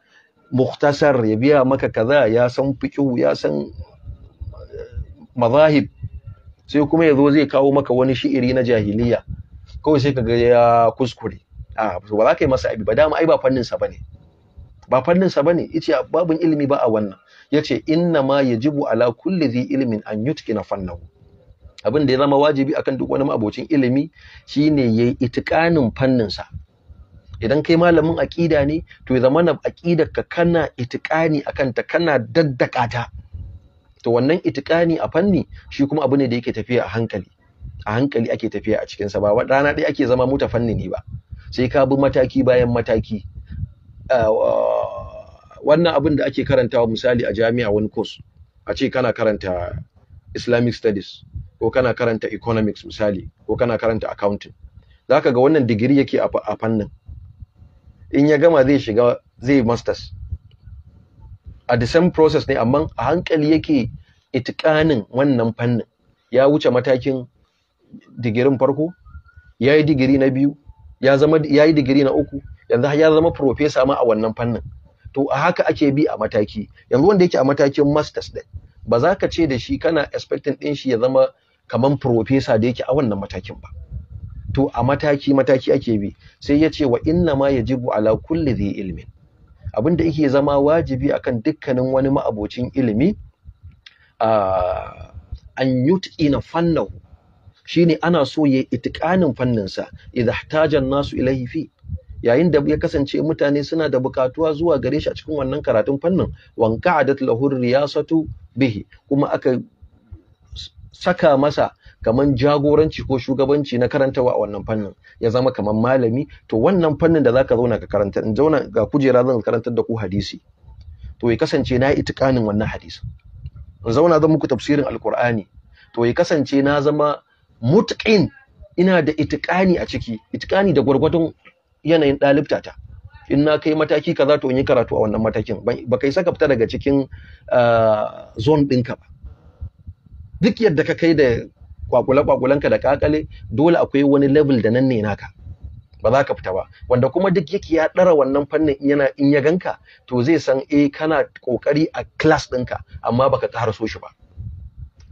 mukhtasar ya biya maka kaza ya san fikihu ya san eh, mazahib sai kuma ya zo zai kawo maka wani shi'iri na jahiliya kawai sai kaga ya kuskure a ba za ka yi masa abi ba dama ai ba fannin sa bane ba fanninsa bane yace babun ilimi ba a wannan yace inna ma yajibu ala kulli zi ilmin an na fannahu abin da ya zama wajibi akan duk wani abocin ilimi shine yayi itikanin fanninsa idan kai malamin aƙida ne to ya zama na ka kana itikani akan ta kana daddaka ta to wannan itikani a fanni shi kuma abu ne da yake tafiya a hankali a hankali ake tafiya a cikinsa ba rana ɗaya ake zama fanni ne ba sai ka bi mataki bayan mataki Uh, wannan abin da ake karantawa misali a jami'a wani course a ce kana karanta Islamic studies ko kana karanta economics misali ko kana karanta accounting Za ka ga wannan digiri yake a fannin in ya gama zai shiga zai yi masters a the same process ne amma a hankali yake itikanin wannan fannin ya wuce matakin digirin farko ya yi digiri na biyu ya zama ya yi digiri na uku yanzu ya zama profesa ma a wannan fannin to a haka ake bi a mataki yanzu wanda yake a matakin masters din ba za ka ce da shi kana expecting din shi ya zama kaman profesa da yake a wannan matakin ba to a mataki mataki ake bi sai ya ce wa inna ma yajibu ala kulli dhi ilmin abin da yake zama wajibi akan dukkanin wani ma'abocin ilimi an yut'ina fannahu shine ana so ya itikanin fanninsa idha ihtaja nasu ilaihi fi yayin da ya kasance mutane suna da bukatuwa zuwa gare shi a cikin wannan karatun fannin wanka adat lahur riyasatu bihi kuma aka saka masa kaman jagoranci ko shugabanci na karantawa a wannan fannin ya zama kaman malami to wannan fannin da zaka zauna ka karanta in zauna ga kujera zan karantar da ku hadisi to ya kasance na itikanin wannan hadisi in zauna zan muku tafsirin alqur'ani to ya kasance na zama mutqin ina da itikani a ciki itikani da gwargwadon yanayin ɗalibta ta in na kai mataki kaza to in yi karatu a wannan matakin ba kai saka fita daga cikin ah, zone ɗinka ba duk yadda ka kai da kwakule kwakulanka da kakale dole akwai wani level da nan ne naka ba za ka fita ba wanda kuma duk yake ya ɗara wannan fannin yana in ya ganka to zai san eh kana kokari a class ɗinka amma baka ƙara so shi ba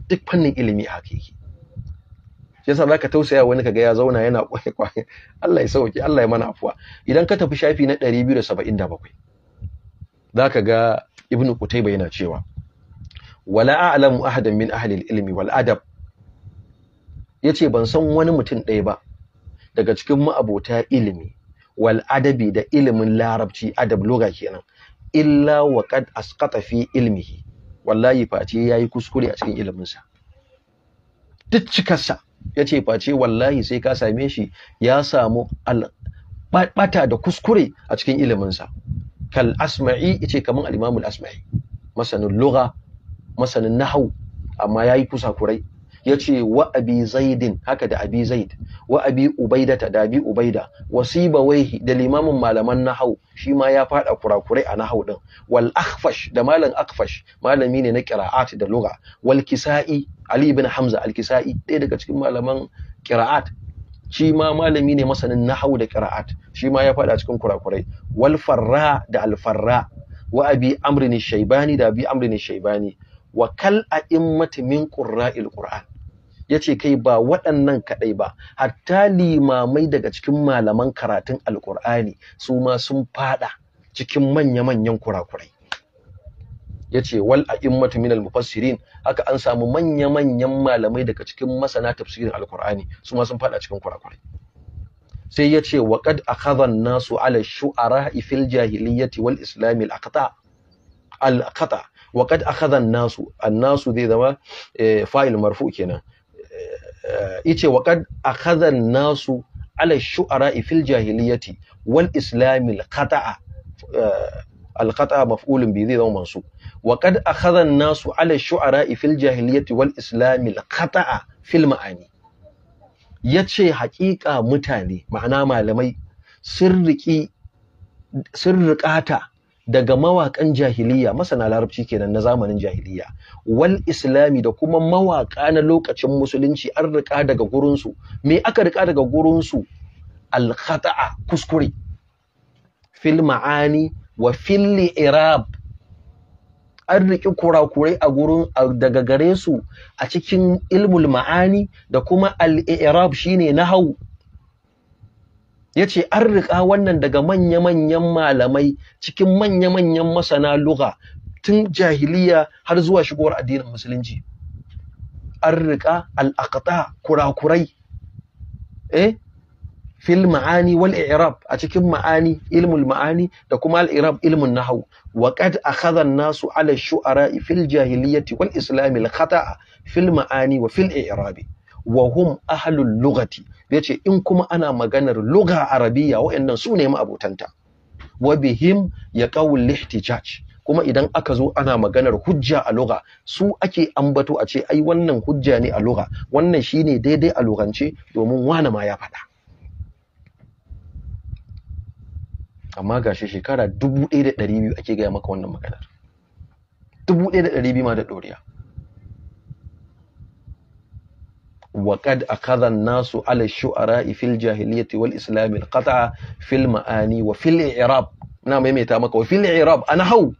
duk fannin ilimi haka yake yasa zaka tausaya wani kaga ya zauna yana kwaye kwaye Allah ya sauke Allah ya mana afuwa idan ka tafi shafi na 277 zaka ga ibnu kutaiba yana cewa wala a'lamu ahadan min ahli al-ilmi wal adab yace ban san wani mutum ɗaya ba daga cikin ma'abota ilimi wal adabi da ilimin larabci adab loga kenan illa wa qad asqata fi ilmihi wallahi face yayi kuskure a cikin iliminsa duk cikarsa ya ce face wallahi sai ka same shi ya samu bata da kuskure a cikin iliminsa kal asma'i ya ce kamar al'imamul asma'i masanin lura masanin nahau amma ya yi kusa kurai. ya ce wa abi zaidin haka da abi zaid wa abi ubaidata da abi ubaida wasiba waihi da limamin malaman nahau shi ma ya fada kurakurai a nahau din wal akhfash da malam akhfash malami ne na qira'at da lura wal kisa'i Ali ibn Hamza al-Kisa'i ɗaya daga cikin malaman qira'at shi ma malami ne masanin nahwu da qira'at shi ma ya faɗa cikin kurakurai wal farra da al farra wa abi amr shaybani da abi amr shaybani wa kal a'immati min qurra'il qur'an yace kai ba waɗannan kadai ba hatta limamai daga cikin malaman karatun alqur'ani su ma sun faɗa cikin manya-manyan kurakurai yace wal a'immatu minal mufassirin haka an samu manya-manyan malamai daga cikin masana tafsirin alqur'ani su ma sun fada cikin kurakurai sai yace wa qad akhadha an-nasu ala shu'ara'i fil jahiliyyati wal islami al-aqta al-qata wa qad akhadha an-nasu an-nasu zai zama eh, fa'il marfu kenan eh, yace wa qad akhadha an-nasu ala shu'ara'i fil jahiliyyati wal islami al-qata eh, alqata maf'ulun bi zai zama mansub wa qad akhadha nasu ala shu'ara fil jahiliyyati wal islam al khata'a fil ma'ani yace haƙiƙa mutane ma'ana malamai sirriki sirriƙata daga mawaƙan jahiliya masana larabci kenan na zamanin jahiliya wal islami da kuma mawaƙa na lokacin musulunci an riƙa daga gurinsu me aka riƙa daga gurinsu alkhata'a kuskure filma'ani. wa filli irab an riƙi kurakurai a gurin daga gare su a cikin ilmul ma'ani da kuma al-i'rab shine nahau yace an riƙa wannan daga manya-manyan malamai cikin manya-manyan masana lugha tun jahiliya har zuwa shigowar addinin musulunci an riƙa al-aqta kurakurai eh fil ma'ani wal i'rab a cikin ma'ani ilmul ma'ani da kuma al i'rab ilmun nahwu wa qad akhadha an-nasu 'ala ash-shu'ara fil jahiliyyati wal islam al khata'a fil ma'ani wa fil i'rab wa hum ahlul lughati yace in kuma ana maganar lugha arabiyya waɗannan su ne ma'abutanta wa bihim yaqawul lihtijaj kuma idan aka zo ana maganar hujja a lugha su ake ambato a ce ai wannan hujja ne a lugha wannan shine daidai a lugance domin wani ma ya faɗa amma gashi shekara dubu ɗaya da ɗari biyu ake gaya maka wannan maganar dubu ɗaya da ɗari biyu ma da ɗoriya وقد أخذ الناس على الشعراء في الجاهلية والإسلام القطع في المعاني وفي الإعراب نعم يمي تامك وفي الإعراب أنا هو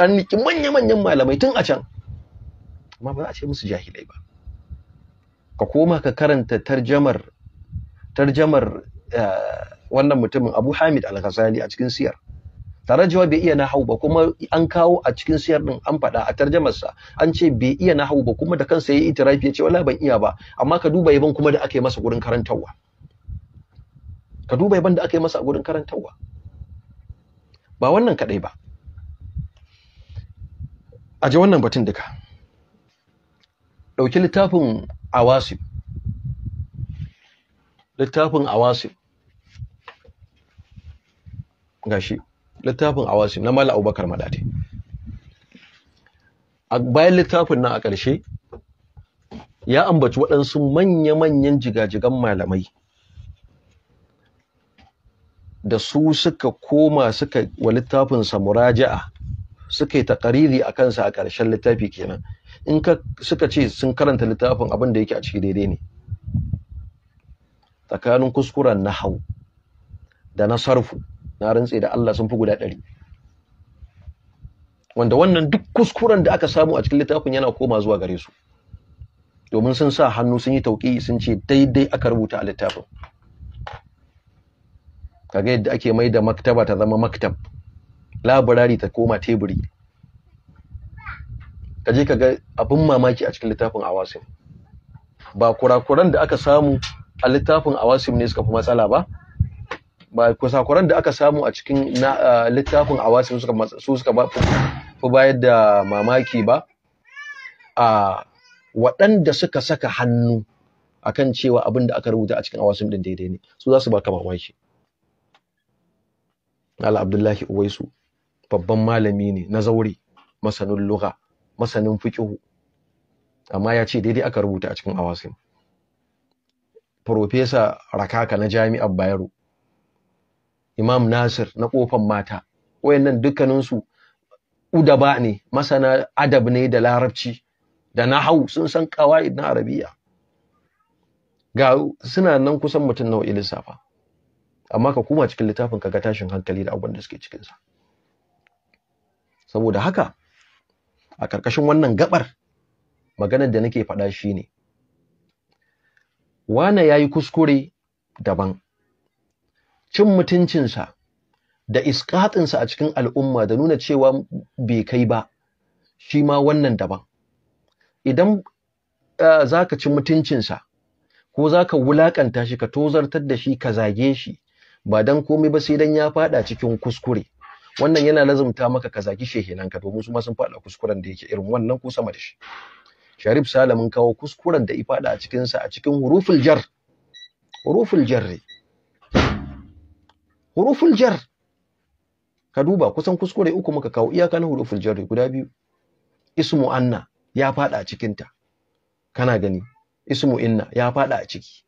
أني كمان يمان يمان لما يتن أشان ما بلا أشي مس جاهلي با كقوما ككرنت ترجمر ترجمر آه wannan mutumin Abu Hamid Al-Ghazali a cikin siyar tare bai iya nahau ba kuma an kawo a cikin siyar din an faɗa a tarjumar sa an ce bai iya nahau ba kuma da kansa yayi itirafi ya ce wallahi ban iya ba amma ka duba yaban kuma da aka yi masa gurin karantawa ka duba yaban da aka yi masa a gurin karantawa ba wannan kadai ba a ji wannan batun duka ɗauki littafin awasif littafin awasif gashi littafin awasi na mala abubakar madate a bayan littafin nan a ƙarshe ya ambaci waɗansu manya-manyan jigajigan malamai da su suka koma suka wa littafinsa muraja'a suka yi taƙariri a kansa a ƙarshen littafi kenan in ka suka ce sun karanta littafin abin da yake a ciki daidai ne tsakanin kuskuren na hau da na sarfu na rantse da Allah sun fi guda ɗari wanda wannan duk kuskuren da aka samu a cikin littafin yana koma zuwa gare su domin sun sa hannu sun yi tauƙi sun ce daidai aka rubuta a littafin kaga yadda ake mai da maktaba ta zama maktab labirari ta koma teburi ka je ka ga abin mamaki a cikin littafin awasim ba kurakuran da aka samu a littafin awasim ne suka fi matsala ba ba kusakuran da aka samu a cikin littafin Awasi, su suka fi bayar da mamaki ba a waɗanda suka saka hannu akan cewa abin da aka rubuta a cikin awasim din daidai ne su za su baka mamaki Ala Abdullahi Uwaisu babban malami ne na zaure masanin lugha masanin fiqhu amma ya ce daidai aka rubuta a cikin awasim Furofesa Rakaka na Jami'ar Bayero imam nasir na kofan mata wayannan dukkaninsu udaba ne masana adab ne da larabci da nahau sun san qawaid na arabiya ga suna nan kusan mutum nawa lissafa amma ka kuma cikin littafin ka ga tashin hankali da abin da suke cikin sa saboda haka a karkashin wannan gabar maganar da nake faɗa shine wane yayi kuskure daban cin mutuncinsa da iskatinsa a cikin al'umma da nuna cewa bai kai ba shi ma wannan daban idan eh, za ka ci mutuncinsa ko za ka wulaƙanta shi ka tozartar da shi ka zage shi ba don komai ba sai don ya faɗa cikin kuskure wannan yana lazumta maka ka zagi shehinanka domin su ma sun kuskuren da yake irin wannan ko sama da shi sharif salamin kawo kuskuren da ya faɗa a cikinsa a cikin huruful jar huruful jarri huruful jar ka duba kusan kuskure uku muka kawo iyaka na huruful jar guda biyu ismu anna ya fada a cikin ta kana gani ismu inna ya fada a ciki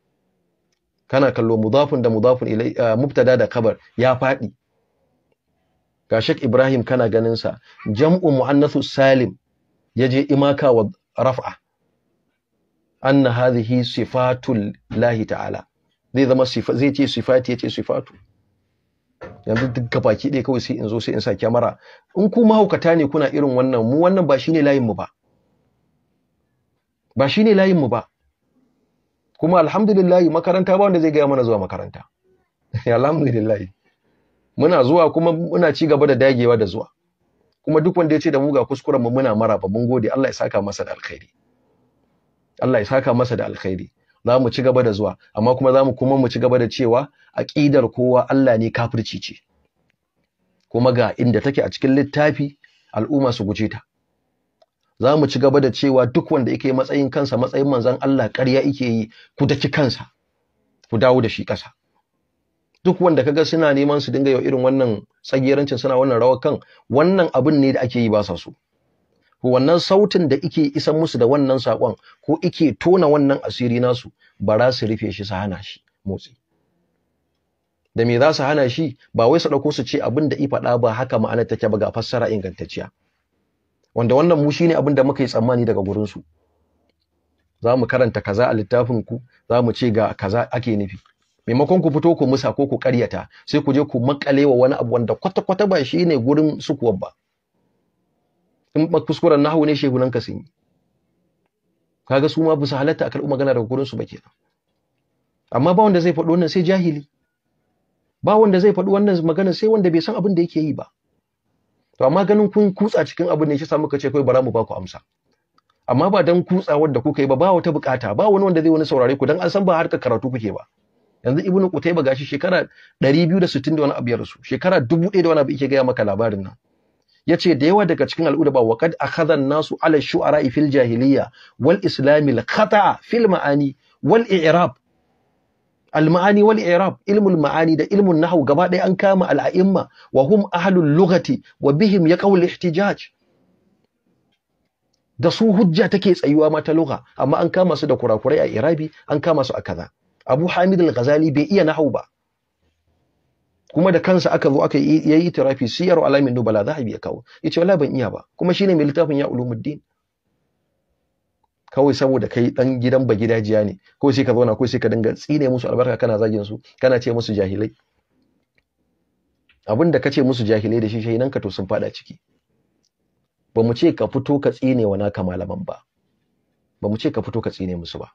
kana kallo mudafun da mudafun ilai eh, mubtada da khabar ya fadi ga shek Ibrahim kana ganin sa jam'u muannathu salim yaje imaka wa raf'a anna hadhihi sifatul lahi ta'ala zai zama zai ce sifati yace sifatu yanzu duk gabaki ɗaya kawai sai in zo sai in sa kyamara in ku mahaukata ne kuna irin wannan mu wannan ba shine ne layinmu ba ba shine ne layinmu ba kuma alhamdulillah makaranta ba wanda zai gaya mana zuwa makaranta [laughs] alhamdulillah muna zuwa kuma muna ci gaba da dagewa da zuwa kuma duk wanda ya ce da mu ga kuskuren mu muna maraba mun gode Allah ya saka masa da alkhairi Allah ya saka masa da alkhairi za mu ci gaba da zuwa amma kuma za mu kuma mu ci gaba da cewa aƙidar kowa Allah ne kafirci ce kuma ga inda take a cikin littafi al'umma su guje ta za mu ci gaba da cewa duk wanda yake matsayin kansa matsayin manzan Allah ƙarya yake yi ku daki kansa ku dawo da shi ƙasa duk wanda kaga suna neman su dinga yau irin wannan tsagerancin suna wannan rawar kan wannan abin ne da ake yi ba sa so wannan sautin da ike isa musu da wannan saƙon ko ike tona wannan asiri nasu ba za su rufe shi su hana shi motsi da me za su hana shi ba wai su dauko su ce abin da i faɗa ba haka ma'ana take ba ga fassara ingantacciya wanda wannan mu shine abin da muka yi tsammani daga gurin su za mu karanta kaza a littafin ku za mu ce ga kaza ake nufi maimakon ku fito ku musa ko ku karyata sai ku je ku makale wa wani abu wanda kwata-kwata ba shi ne gurin su kuwa ba in ba kuskuren nahu ne shegunan ka sun yi kaga su ma bisa halatta a karɓi magana daga gurin su ba kenan amma ba wanda zai faɗi wannan sai jahili ba wanda zai faɗi wannan magana sai wanda bai san abin da yake yi ba to amma ganin kun kutsa cikin abin ne shi sa muka ce kai bara mu ba ku amsa amma ba dan kutsa wanda kuka yi ba ba wata bukata ba wani wanda zai wani saurare ku dan an san ba harkar karatu kuke ba yanzu ibnu qutayba gashi shekara 260 da wani abu ya rasu shekara 1000 da wani abu yake ga maka labarin nan yace da yawa daga cikin al'uda ba waqad akhadha nasu ala shu'ara fil jahiliya wal islam al khata fil ma'ani wal i'rab al ma'ani wal i'rab ma'ani da ilmun nahwu gaba ɗaya an kama al a'imma wa hum ahlul lughati wa bihim yaqul ihtijaj da su hujja take tsayuwa mata lugha amma an kama su da kurakurai a irabi an kama su a kaza abu hamid al-ghazali bai iya nahwu ba kuma da kansa aka zo aka yi itirafi siyar alamin nubala a biya kawo ce, wallahi ban iya ba kuma shine mai littafin ya ulumuddin kawai saboda kai dan gidan bagidajiya ne ko sai ka zauna ko sai ka dinga tsine musu albarka kana zagin su kana ce musu jahilai abin da ka ce musu jahilai da shi shaidan ka to sun fada ciki ba mu ce ka fito ka tsine wa naka malaman ba ba mu ce ka fito ka tsine musu ba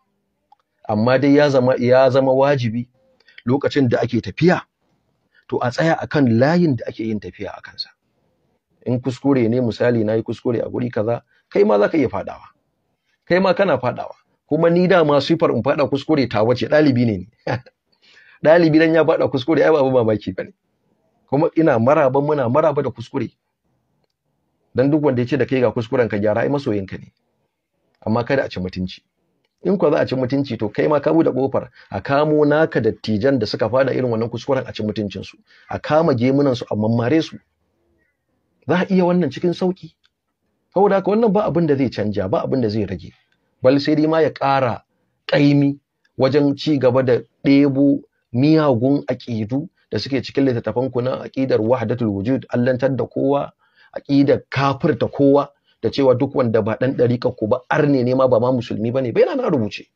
amma dai ya zama ya zama wajibi lokacin da ake tafiya to a tsaya akan layin da ake yin tafiya a kansa in kuskure ne misali na yi kuskure a guri kaza kai ma za ka iya faɗawa kai ma kana faɗawa kuma ni dama sifar in fada kuskure ta wace ɗalibi ne Dalibi [laughs] ɗalibi dan ya faɗa kuskure ai ba abu mamaki ba ne kuma ina maraba muna maraba da kuskure dan duk wanda ya ce da kai ga kuskuren ka gyara ai masoyinka ne amma kada a ci mutunci in kwa za a ci mutunci to kai ma ka bude kofar a kamo naka dattijan da suka fada irin wannan kuskuren a ci mutuncin su a kama gemunan su a mammare su za a iya wannan cikin sauki saboda haka wannan ba abin da zai canja ba abin da zai rage bal sai dai ma ya ƙara kaimi wajen ci gaba da ɗebo miyagun aƙidu da suke cikin littattafan ku na aƙidar wahdatul wujud allantar da kowa aƙidar kafirta kowa da cewa duk wanda ba dan ɗariƙa ko ba arne ne ma ba ma musulmi ba ne bai na rubuce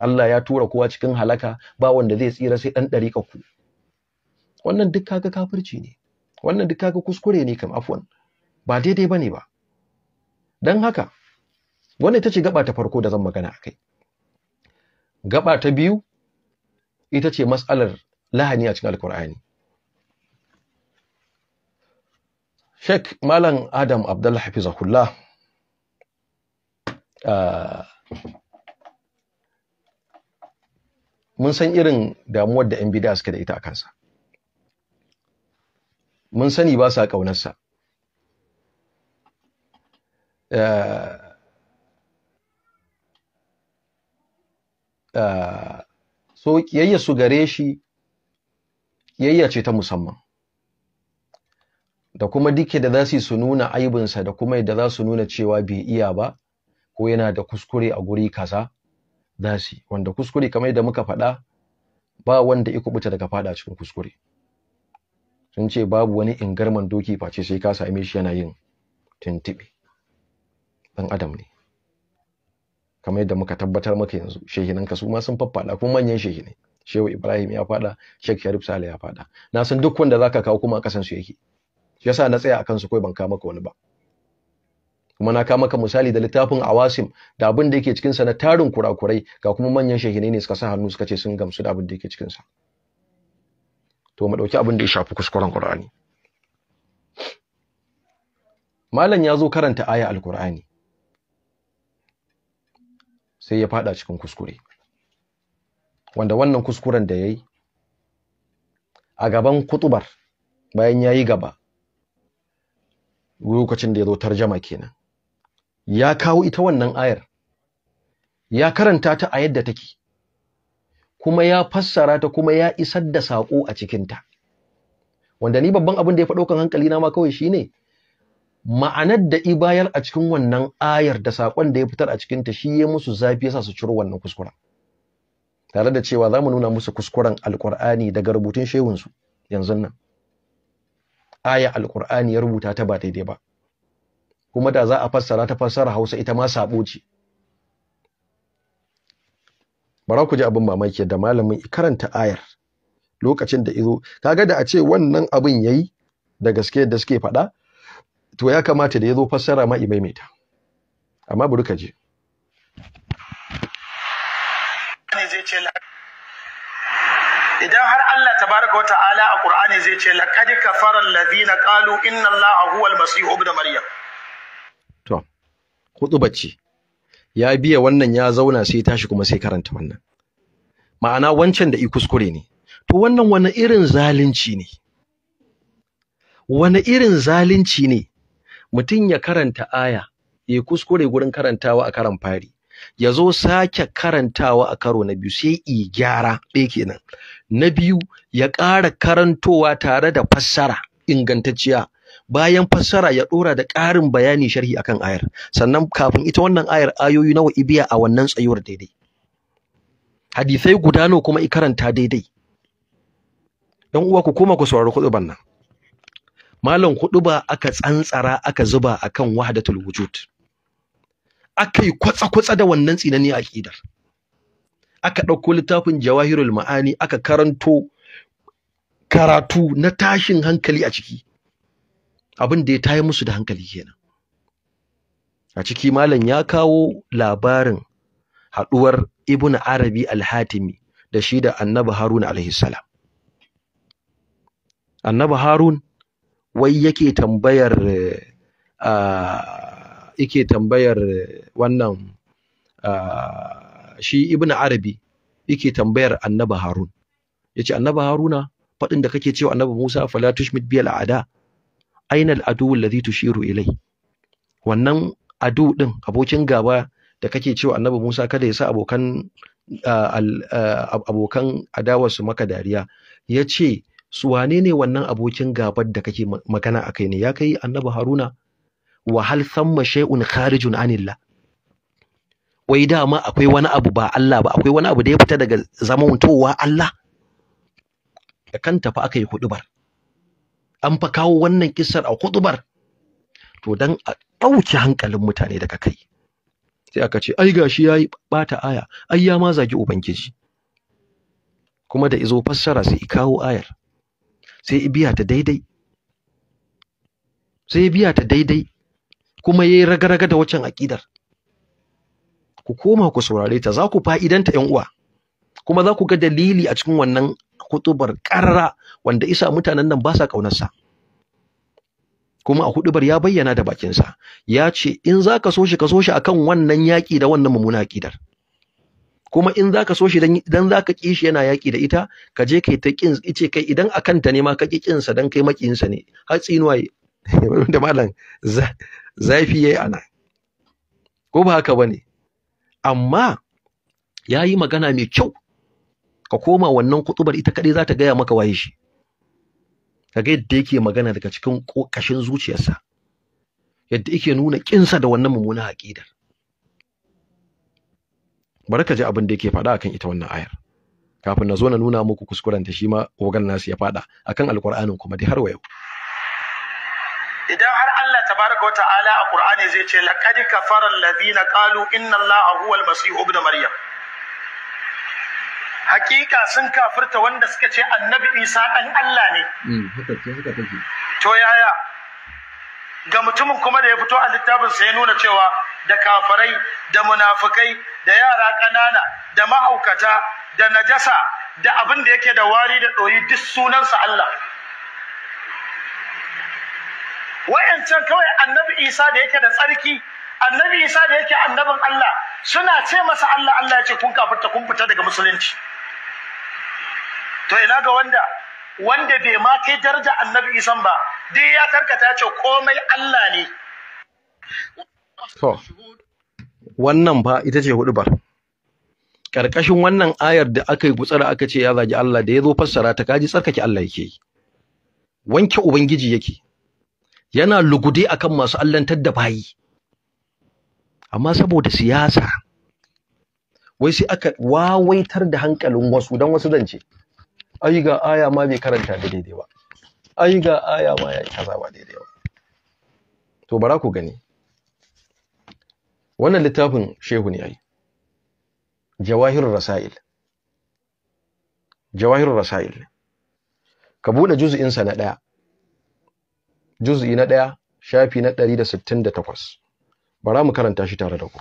Allah ya tura kowa cikin halaka ba wanda zai tsira sai dan ɗariƙa ku wannan duk kaga kafirci ne wannan duk kaga kuskure ne kam afwan ba daidai bane ba dan haka wannan ita ce gaba ta farko da zan magana a kai. gaba ta biyu ita ce mas'alar lahani a cikin alkur'ani Sheikh Malam Adam Abdullah Hafizahullah uh, mun san irin damuwar da 'yan bida suke da ita a kansa. Mun sani ba sa ƙaunarsa. Uh, uh, so ƙiyayya su gare shi ƙiyayya ce ta musamman. da kuma duk da za su su nuna aibinsa da kuma yadda za su nuna cewa bai iya ba ko yana da kuskure a guri kaza za su wanda kuskure kamar yadda muka faɗa ba wanda ya kubuta daga faɗa cikin kuskure sun ce babu wani ingarman doki face sai ka same shi yana yin tuntuɓe ɗan adam ne kamar yadda muka tabbatar maka yanzu shehinanka su ma sun faffaɗa kuma manyan shehinai shehu ibrahim ya faɗa shek sharif sale ya faɗa na san duk wanda zaka kawo kuma a yake shi yasa na tsaya akan su kai ban ka wani ba kuma na ka misali da littafin awasim da abin da yake cikin sa na tarin kurakurai ga kuma manyan shahinai ne suka sa hannu suka ce sun gamsu da abin da yake cikin sa to mu dauki abin da ya shafi kuskuren qur'ani malam ya zo karanta aya alqur'ani sai ya fada cikin kuskure wanda wannan kuskuren da yayi a gaban kutubar bayan yayi gaba lokacin da ya zo tarjama kenan ya kawo ita wannan ayar ya karanta ta a yadda take kuma ya fassara ta kuma ya isar da saƙo a cikinta wanda ni babban abin da ya faɗo kan hankali na ma kawai shine ma'anar da ibayar a cikin wannan ayar da saƙon da ya fitar a cikinta shi ya musu zafi yasa su ciro wannan kuskura tare da cewa za mu nuna musu kuskuren alƙur'ani daga rubutun shehunsu yanzu nan aya alkur'ani ya rubuta ta ba daidai ba kuma da za a fassara ta fassara hausa ita ma sabo ce bara ku ji abin mamaki da malamin karanta ayar lokacin da izo kaga da a ce wannan abin yayi da gaske da suke faɗa to ya kamata da yazo fassara ma imaimaita amma bari ka je
zai ce idan har Allah tabaraka wata'ala a Qur'ani zai ce laqad kafara allazina qalu inna Allaha huwa al-masih ibn
maryam to hutuba ce ya biya wannan ya zauna sai tashi kuma sai karanta wannan ma'ana wancan da i kuskure ne to wannan wani irin zalunci ne wani irin zalunci ne mutum ya karanta aya ya kuskure gurin karantawa a karan fari ya zo sake karantawa a karo na biyu sai i gyara ɗaya kenan na biyu ya ƙara karantowa tare da fassara ingantacciya bayan fassara ya ɗora da ƙarin bayani sharhi akan ayar sannan kafin ita wannan ayar ayoyi nawa ibiya a wannan tsayuwar daidai hadisai guda nawa kuma i karanta daidai Ɗan uwa ku koma ku saurari kuɗuban nan malam ba aka tsantsara aka zuba akan wahdatul wujud aka yi kwatsa-kwatsa da wannan tsinani a aƙidar aka ɗauko littafin jawahirul ma'ani aka karanto karatu na tashin hankali a ciki abin da ya tayi musu da hankali kenan a ciki malam ya kawo labarin haɗuwar ibnu arabi al-hatimi da shi da annabi harun alaihi annabi harun wai yake tambayar uh, yake tambayar wannan shi ibn arabi yake tambayar annabi harun yace annabi haruna faɗin da kake cewa annabi musa fala tushmit bil ada aina al adu alladhi tushiru ilai wannan adu din abokin gaba da kake cewa annabi musa kada ya sa abokan abokan adawar su maka dariya yace su wane ne wannan abokin gabar da kake magana a kai ne ya kai annabi haruna wa hal thamma shay'un kharijun anillah wai dama akwai wani abu ba Allah ba akwai wani abu da ya fita daga zamantowa Allah da kanta fa aka yi hudubar an fa kawo wannan kissar a kudubar to dan a ɗauki hankalin mutane daga kai sai aka ce ai gashi yayi bata aya ai ya ma zagi ubangiji kuma da izo fassara sai i kawo ayar sai i biya ta daidai sai biya ta daidai kuma yayi raga-raga da waccan aƙidar ku koma ku saurare ta za ku fa'idanta ƴan uwa kuma za ku ga dalili a cikin wannan hutubar ƙarra wanda isa mutanen nan ba sa ƙaunarsa kuma a hudubar ya bayyana da bakinsa ya ce in za ka so shi ka so shi akan wannan yaƙi da wannan mummuna aƙidar kuma in za ka so shi idan za ka ƙi shi yana yaƙi da ita ka je kai ta ƙin ice kai idan a ta ne ma ka ƙi ƙinsa dan kai maƙinsa ne har tsinuwa [laughs] da malam zafi yayi anan ko ba haka bane amma yayi magana mai kyau ka koma wannan kutubar ita kadai za ta gaya maka waye shi Ka ga yadda yake magana daga cikin kokashin zuciyarsa yadda yake nuna kinsa da wannan mummunan aqidar bari ka ji abin da yake faɗa akan ita wannan ayar kafin na zo na nuna muku kuskuren ta shi ma ogan nasu ya faɗa akan alqur'anin kuma dai har wa yau
tabaraka wata'ala a Qur'ani zai ce laqad kafara alladhina qalu inna Allaha huwal masih ibn maryam hakika sun kafirta wanda suka ce annabi Isa dan Allah ne
hmm,
to yaya ga mutumin kuma da ya fito a littafin ya nuna cewa da kafirai da munafikai da yara kanana da mahaukata da najasa da abin da yake da wari da ɗoyi duk sunansa Allah wayancan kawai annabi isa da yake da tsarki annabi isa da yake annabin allah suna ce masa allah allah ya ce kun kafarta kun fita daga musulunci to ina ga wanda wanda bai ma kai daraja annabi Isa ba dai ya karkata ya ce komai allah ne
wannan ba ita ce hudu bar karkashin wannan ayar da aka yi gutsara aka ce ya zagi Allah da ya zo fassara ta kaji tsarkake Allah yake yi wanke ubangiji yake yana lugude akan masu allantar da bayi amma saboda siyasa wai sai aka wawaitar da hankalin wasu don wasu zance ai ga aya ma bai karanta da daidai ba ai ga aya ma ya kaza ba daidai ba to bara ku gani wannan littafin shehu ne ai jawahirur rasail jawahirur rasail ka bude juz'in sa na daya juz'i na ɗaya shafi na ɗari da da sittin takwas. bara mu karanta shi tare da ku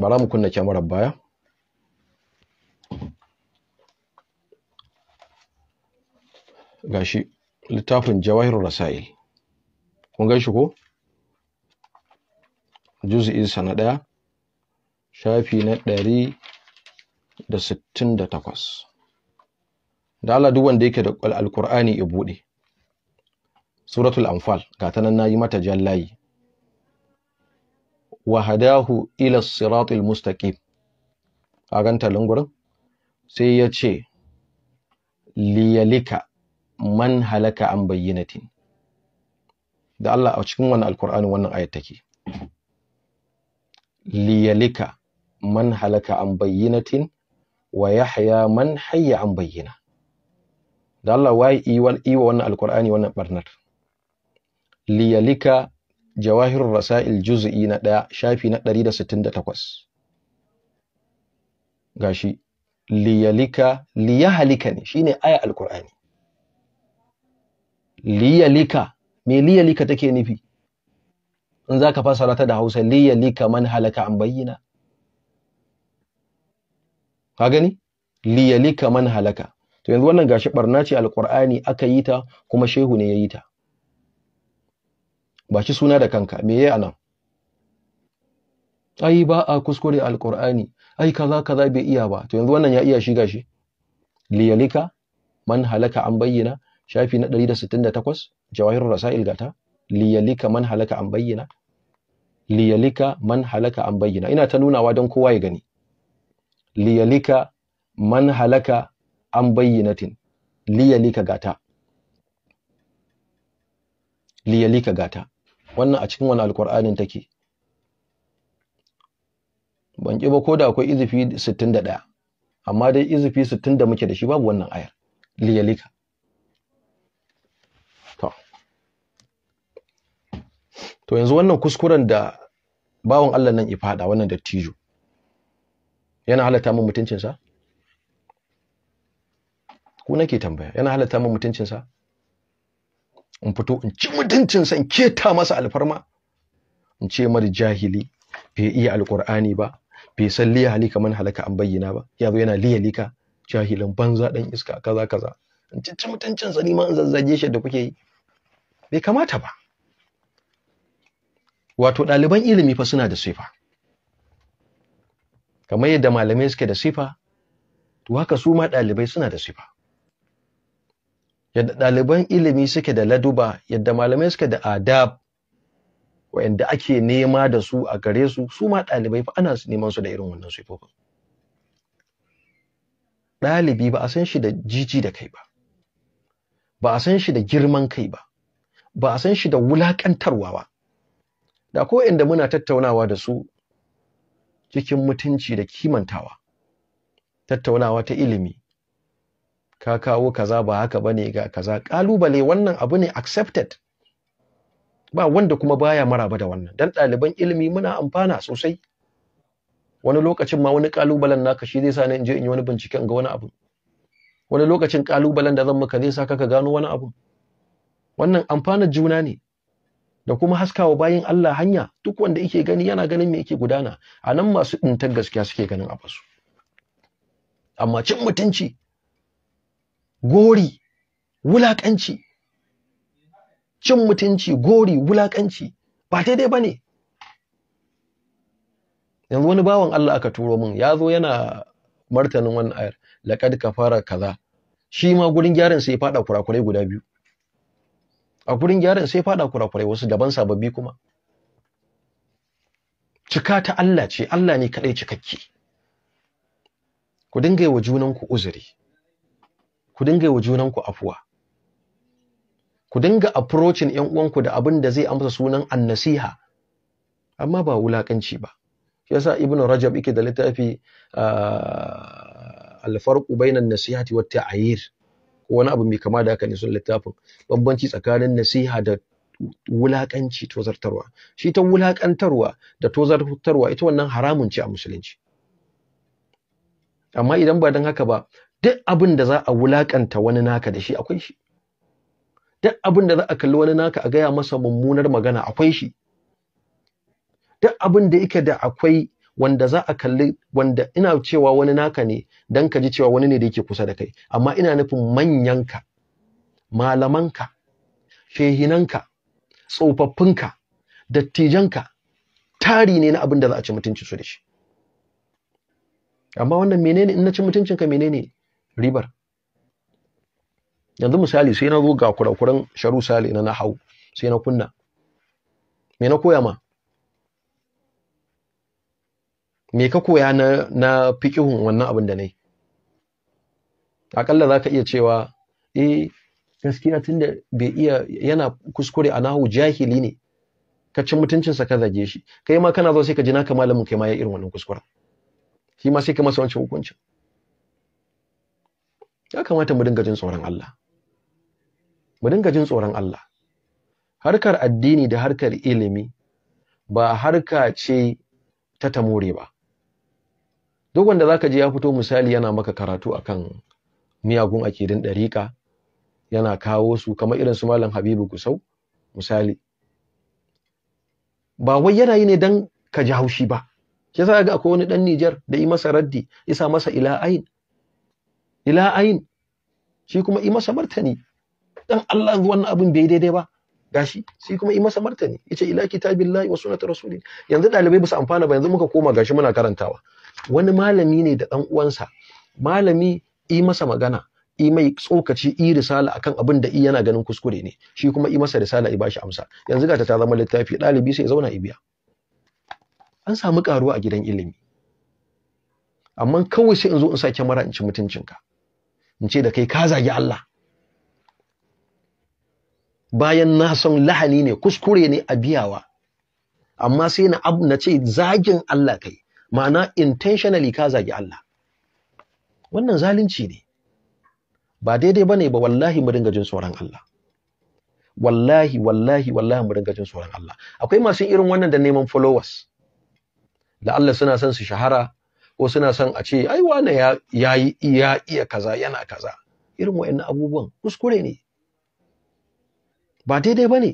bara mu kunna kyamarar baya gashi littafin jawahirul rasail kun gan shi ko juz'i na ɗaya shafi na ɗari da sittin da takwas da Allah duk wanda yake da alkur'ani ya buɗe. suratul anfal ga ta nan nayi mata jallayi wa hadahu ila siratil mustaqim a ganta sai ya ce liyalika man halaka an bayyinatin da Allah a cikin wannan alkur'ani wannan ayat take liyalika man halaka an bayyinatin wa yahya man hayya an bayyana. da Allah waye iwa wannan alkur'ani wannan barnar liyalika jawahirur rasail juz'i na ɗaya shafi na 168 gashi liyalika liyahlika ne shine aya alkur'ani liyalika me liyalika take nufi in zaka fasa rata da Hausa liyalika man halaka an bayyana ka gani liyalika man halaka to yanzu wannan gashi barna ce alqur'ani aka yi ta kuma shehu ne yayi ta ba shi suna da kanka me yayi anan ai ba a kuskure alqur'ani ai kaza kaza bai iya ba to yanzu wannan ya iya shi gashi liyalika man halaka an bayyana shafi na 168 jawahirur rasail gata liyalika man halaka an bayyana liyalika man halaka an bayyana ina ta nunawa don kowa ya gani liyalika man halaka an tin, liyalika gata liyalika gata wannan a cikin wani alkur'anin take ban ƙi ba ko da akwai izifi 61 amma dai izifi 60 da muke da shi babu wannan ayar liyalika to to yanzu wannan kuskuren da bawon Allah nan ifada wannan dattijo yana halatta mun mutuncinsa ku nake tambaya yana halatta min mutuncinsa in fito in ci mutuncinsa in keta masa alfarma in ce mar jahili bai iya alkur'ani ba bai san liya hali kaman halaka an bayyana ba ya zo yana liya lika jahilin banza dan iska kaza kaza in ci ci mutuncinsa ni ma in zazzage shi da kuke yi bai kamata ba wato ɗaliban ilimi fa suna da sifa kamar yadda malamai suke da sifa to haka su ma ɗalibai suna da sifa yadda ɗaliban ilimi suke da laduba yadda malamai suke da adab wa'anda ake nema da su a gare su su ma ɗalibai fa ana neman su da irin wannan sifofin ɗalibi ba a san shi da jiji da kai ba ba a san shi da girman kai ba ba a san shi da wulaƙantarwa ba da ko inda muna tattaunawa da su cikin mutunci da kimantawa tattaunawa ta ilimi ka kawo kaza ba haka bane ga kaza kalubale wannan abu ne accepted ba wanda kuma baya maraba da wannan dan ɗaliban ilimi muna amfana sosai wani lokacin ma wani kalubalen naka shi zai sa ni in je in yi wani binciken ga wani abu wani lokacin kalubalen da zan muka zai sa ka gano wani abu wannan amfanar juna ne da kuma haskawa bayin Allah hanya duk wanda yake gani yana ganin me yake gudana a nan masu ɗintar gaskiya suke ganin a basu. amma cin mutunci gori wulaƙanci cin mutunci gori wulakanci ba daidai ba ne yanzu wani bawan Allah aka turo min ya zo yana martanin wani ayar laƙad ka fara kaza shi ma gurin gyaran sai faɗa kurakurai guda biyu a gurin gyaran sai faɗa kurakurai wasu daban sababbi kuma cika ta Allah ce Allah ne kaɗai cikakke ku dinga yi wa junanku uzuri ku dinga yi wa junanku afuwa ku dinga approaching yan uwanku da abin da zai amsa sunan annasiha amma ba wulakanci ba shi yasa ibnu rajab yake da littafi ah, al-farqu bainan nasihati wat ta'yir ko wani abu mai kama da haka ne sun littafin bambanci tsakanin nasiha da wulakanci tozartarwa shi ta wulakantarwa da tozartarwa ita wannan haramun ce a musulunci amma idan ba don haka ba duk abin da za a wulakanta wani naka da shi akwai shi duk abin da za a kalli wani naka a gaya masa mummunar magana akwai shi duk abin da yake da akwai wanda za a kalli wanda ina cewa wani naka ne dan ka ji cewa wani ne da yake kusa da kai amma ina nufin manyanka malamanka shehinanka tsofaffinka dattijanka tari ne na abin da za a ci mutunci su da shi amma wannan menene in na ci mutuncinka menene ribar yanzu misali sai na zo ga kurakuran sharu sale na nahau sai na kunna me na koya ma me ka koya na na fikihun wannan abin da nayi akalla zaka iya cewa eh gaskiya tunda bai iya yana kuskure a nahu jahili ne ka ci mutuncinsa ka zage shi kai ma kana zo sai ka ji naka malamin kai ma ya irin wannan kuskuren shi ma sai ka masa wancan hukuncin ya kamata mu dinga jin tsoron Allah mu dinga jin tsoron Allah harkar addini da harkar ilimi ba harka ce ta tamore ba duk wanda zaka je ya fito misali yana maka karatu akan miyagun akidin dariqa yana kawo su kamar irin su malam Habibu Gusau misali ba wai yana yi ne dan ka ji haushi ba yasa ga akwai wani dan Nijar da yi masa raddi isa masa ila'ain ila ayin shi kuma i masa martani dan Allah yanzu wannan abin bai daidai ba gashi shi kuma i masa martani yace ila kitabillahi wa sunnati rasuli yanzu dalibai ba su amfana ba yanzu muka koma gashi muna karantawa wani malami ne da dan uwansa malami i masa magana i mai tsokaci i risala akan abin da i yana ganin kuskure ne shi kuma i masa risala i bashi amsa yanzu gata ta zama littafi ɗalibi sai ya zauna i biya an samu karuwa a gidan ilimi amma kawai sai in zo in sa kyamara in ci mutuncinka in ce da kai ka zagi Allah bayan na son lahani ne kuskure ne a biyawa amma sai na abu na ce zagin Allah kai ma'ana intentionally ka zagi Allah wannan zalunci ne ba daidai ba ne ba wallahi mu dinga jin tsoron Allah wallahi wallahi wallahi mu dinga jin tsoron Allah akwai masu irin wannan da neman followers da Allah suna son su shahara wasu na son a ce ai wane ya ya iya kaza yana kaza irin wa'annan abubuwan kuskure ne ba daidai bane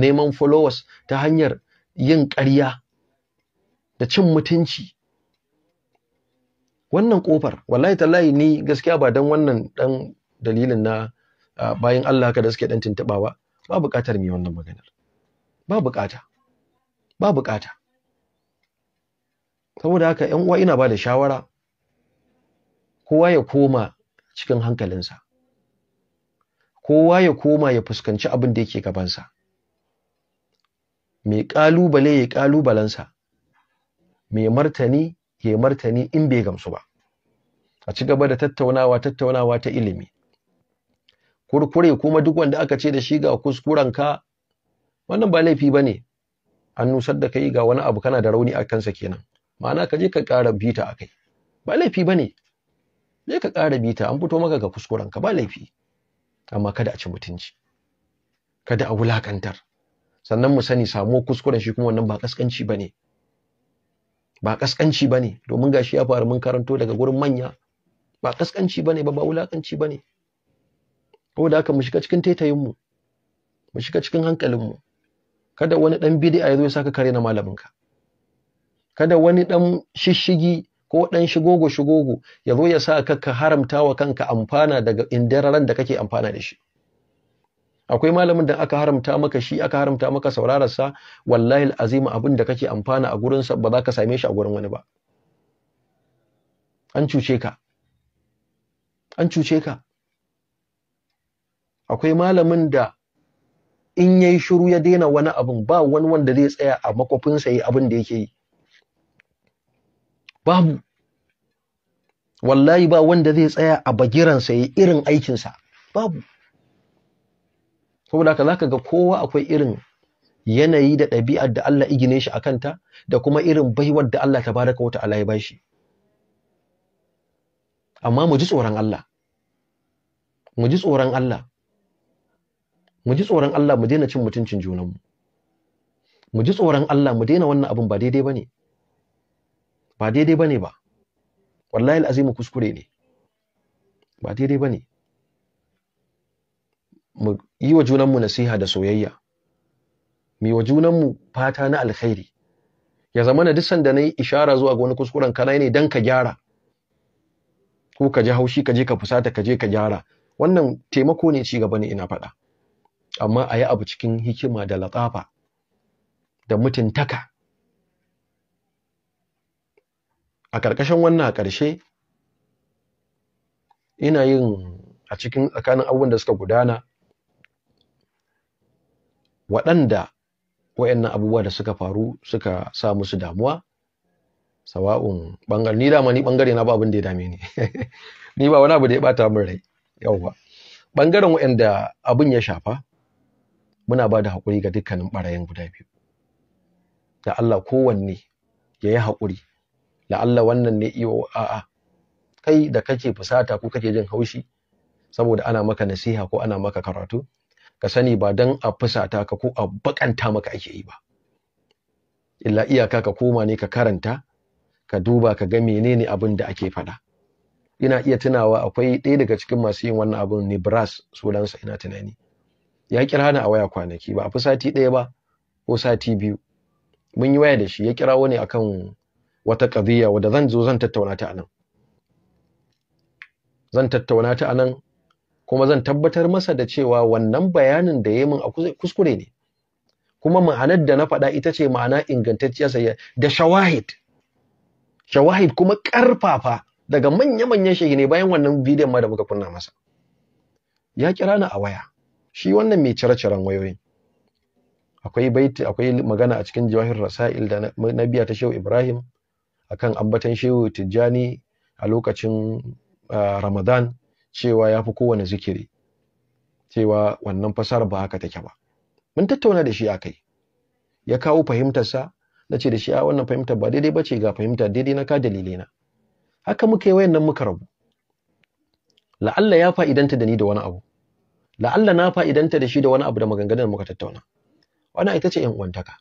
neman followers ta hanyar yin ƙarya da cin mutunci wannan kofar wallahi tallahi ni gaskiya ba dan wannan dan dalilin na ah, bayan Allah ka da suke dan tintaba ba buƙatar mi wannan maganar ba buƙata ba buƙata saboda haka yan uwa ina ba da shawara kowa ya koma cikin hankalinsa kowa ya koma ya fuskanci abin da yake gabansa mai ƙalubale ya ƙalubalensa mai martani ya martani in bai gamsu ba a ci gaba da tattaunawa tattaunawa ta ilimi kurkure kuma duk wanda aka ce da shi ga kuskurenka wannan ba laifi ba ne an nusar da kai ga wani abu kana da rauni a kansa kenan ma'ana ka je ka ƙara bita a kai ba laifi ba ne je ka ƙara bita an fito maka ga kuskuren ka ba laifi amma kada a ci mutunci kada a wulakantar sannan mu sani samo kuskuren shi kuma wannan ba kaskanci ba ne ba kaskanci ba ne domin ga shi ya faru mun karanto daga gurin manya ba kaskanci ba ne ba ba wulakanci ba ne da haka mu shiga cikin taitayinmu mu shiga cikin hankalinmu kada wani ɗan bidi'a ya zo ya saka kare na malamin ka kada wani ɗan shishigi ko ɗan shigogo shigogo ya zo ya sa ka ka haramta wa kanka amfana daga indararen da kake amfana da shi akwai malamin da aka haramta maka shi aka haramta maka saurararsa wallahi azima abin da kake amfana a gurinsa ba za ka same shi a gurin wani ba an cuce ka an cuce ka akwai malamin da in yayi shiru ya daina wani abin ba wani wanda zai tsaya a makwafinsa yi abin da yake yi babu wallahi ba wanda zai tsaya a bagiransa ya irin aikinsa babu saboda haka zaka ga kowa akwai irin yanayi da ɗabi'ar da Allah igine shi a kanta da kuma irin baiwar da Allah tabaraka wa ta'ala ya bashi amma mu ji tsoron Allah mu ji tsoron Allah mu ji tsoron Allah mu daina cin mutuncin junanmu mu ji tsoron Allah mu daina wannan abin ba daidai ba ne. ba daidai bane ba wallahi al'azimu kuskure ne ba daidai bane mu yi wa junanmu nasiha da soyayya mu yi wa junanmu fata na alkhairi ya zama na duk sanda na yi ishara zuwa ga wani kuskuren kana ne dan ka gyara ko ka ji haushi ka je ka fusata ka je ka gyara wannan taimako ne ci gaba ne ina faɗa amma a yi abu cikin hikima da latsafa da mutuntaka a ƙarƙashin wannan a ƙarshe ina yin a cikin tsakanin abubuwan da suka gudana waɗanda wayannan abubuwa da suka faru suka sa musu damuwa sawa'un ɓangare ni dama ni ɓangare na ba abin da ya dame ni [laughs] ni ba wani abu da ya ɓata min rai yawwa ɓangaren wayanda abin ya shafa muna ba da haƙuri ga dukkanin ɓarayin guda biyu da Allah kowanne ya yi haƙuri la'alla wannan ne iyo a'a kai da kake fusata ko kake jin haushi saboda ana maka nasiha ko ana maka karatu ka sani ba dan a fusata ka ko a bakanta maka ake yi ba illa iyaka ka koma ne ka karanta ka duba ka ga menene abin da ake faɗa ina iya tunawa akwai ɗaya daga cikin masu yin wannan abin ne brass sunansa ina tunani ya kira ni a waya kwanaki ba a fi sati ɗaya ba ko sati biyu mun yi waya da shi ya kira wani akan wata qadiyya wadda zan zo zan tattauna ta anan zan tattauna ta anan kuma zan tabbatar masa da cewa wannan bayanin da yayin a kuskure ne kuma ma'anar da na faɗa ita ce ma'ana ingantacciya sayya da shawahid shawahid kuma ƙarfafa daga manya-manyan ne, bayan wannan bidiyon ma da muka kunna masa ya kira ni a waya shi wannan mai cire-ciren wayoyin akwai baiti akwai magana a cikin jawahir rasail da Nabiya ta shehu ibrahim akan ambatan shehu tijjani a lokacin ramadan cewa ya fi kowane zikiri cewa wannan fasar ba haka take ba mun tattauna da shi akai ya kawo fahimtarsa na ce da shi a wannan fahimtar ba daidai bace ga fahimtar, daidai na ka na. haka muka yi wayannan muka rabu la'alla ya fa'idanta da ni da wani abu la'alla na fa'idanta da shi da wani abu da maganganun muka tattauna wannan ita ce yan uwantaka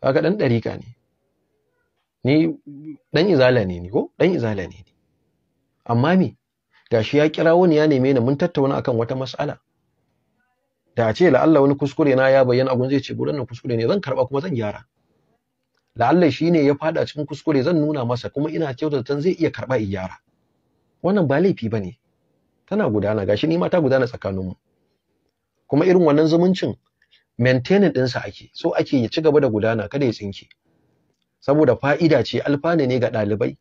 kaga dan dariƙa ne ni dan izala ne ni ko dan izala ne amma me gashi ya kirawo ni ya neme ni mun tattauna akan wata mas'ala da a ce la'alla wani kuskure na ya bayyana abun zai ce gurin nan kuskure ne zan karba kuma zan gyara la'alla ne ya fada cikin kuskure zan nuna masa kuma ina kyautata zai iya karba i gyara wannan ba laifi bane tana gudana gashi ni ma ta gudana tsakaninmu kuma irin wannan zumuncin maintaining ɗinsa ake so ake ya ci gaba da gudana kada ya tsinke saboda fa'ida ce alfani ne ga ɗalibai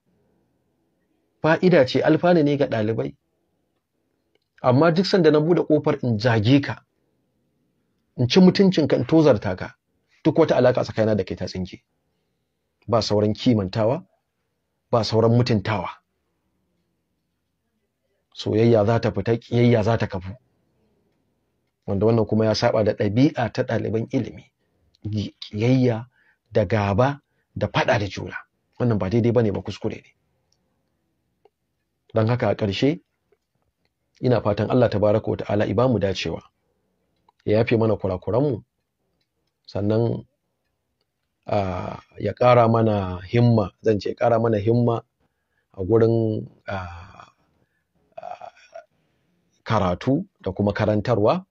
fa'ida ce alfani ne ga ɗalibai amma duk sanda na buɗe ƙofar in jage ka in ci mutuncinka in tozarta ka duk wata alaƙa tsakanina da kai ta tsinke ba sauran kimantawa ba sauran mutuntawa soyayya za ta fita kiyayya za ta kafu wanda wannan kuma ya saba da ɗabi'a ta ɗaliban ilimi kiyayya da gaba da faɗa da juna wannan ba daidai bane ba kuskure ne don haka a ƙarshe ina fatan Allah tabaraka wa ta'ala i bamu dacewa ya yafe mana kurakuranmu sannan ya ƙara mana himma zan ce ƙara mana himma a gurin karatu da kuma karantarwa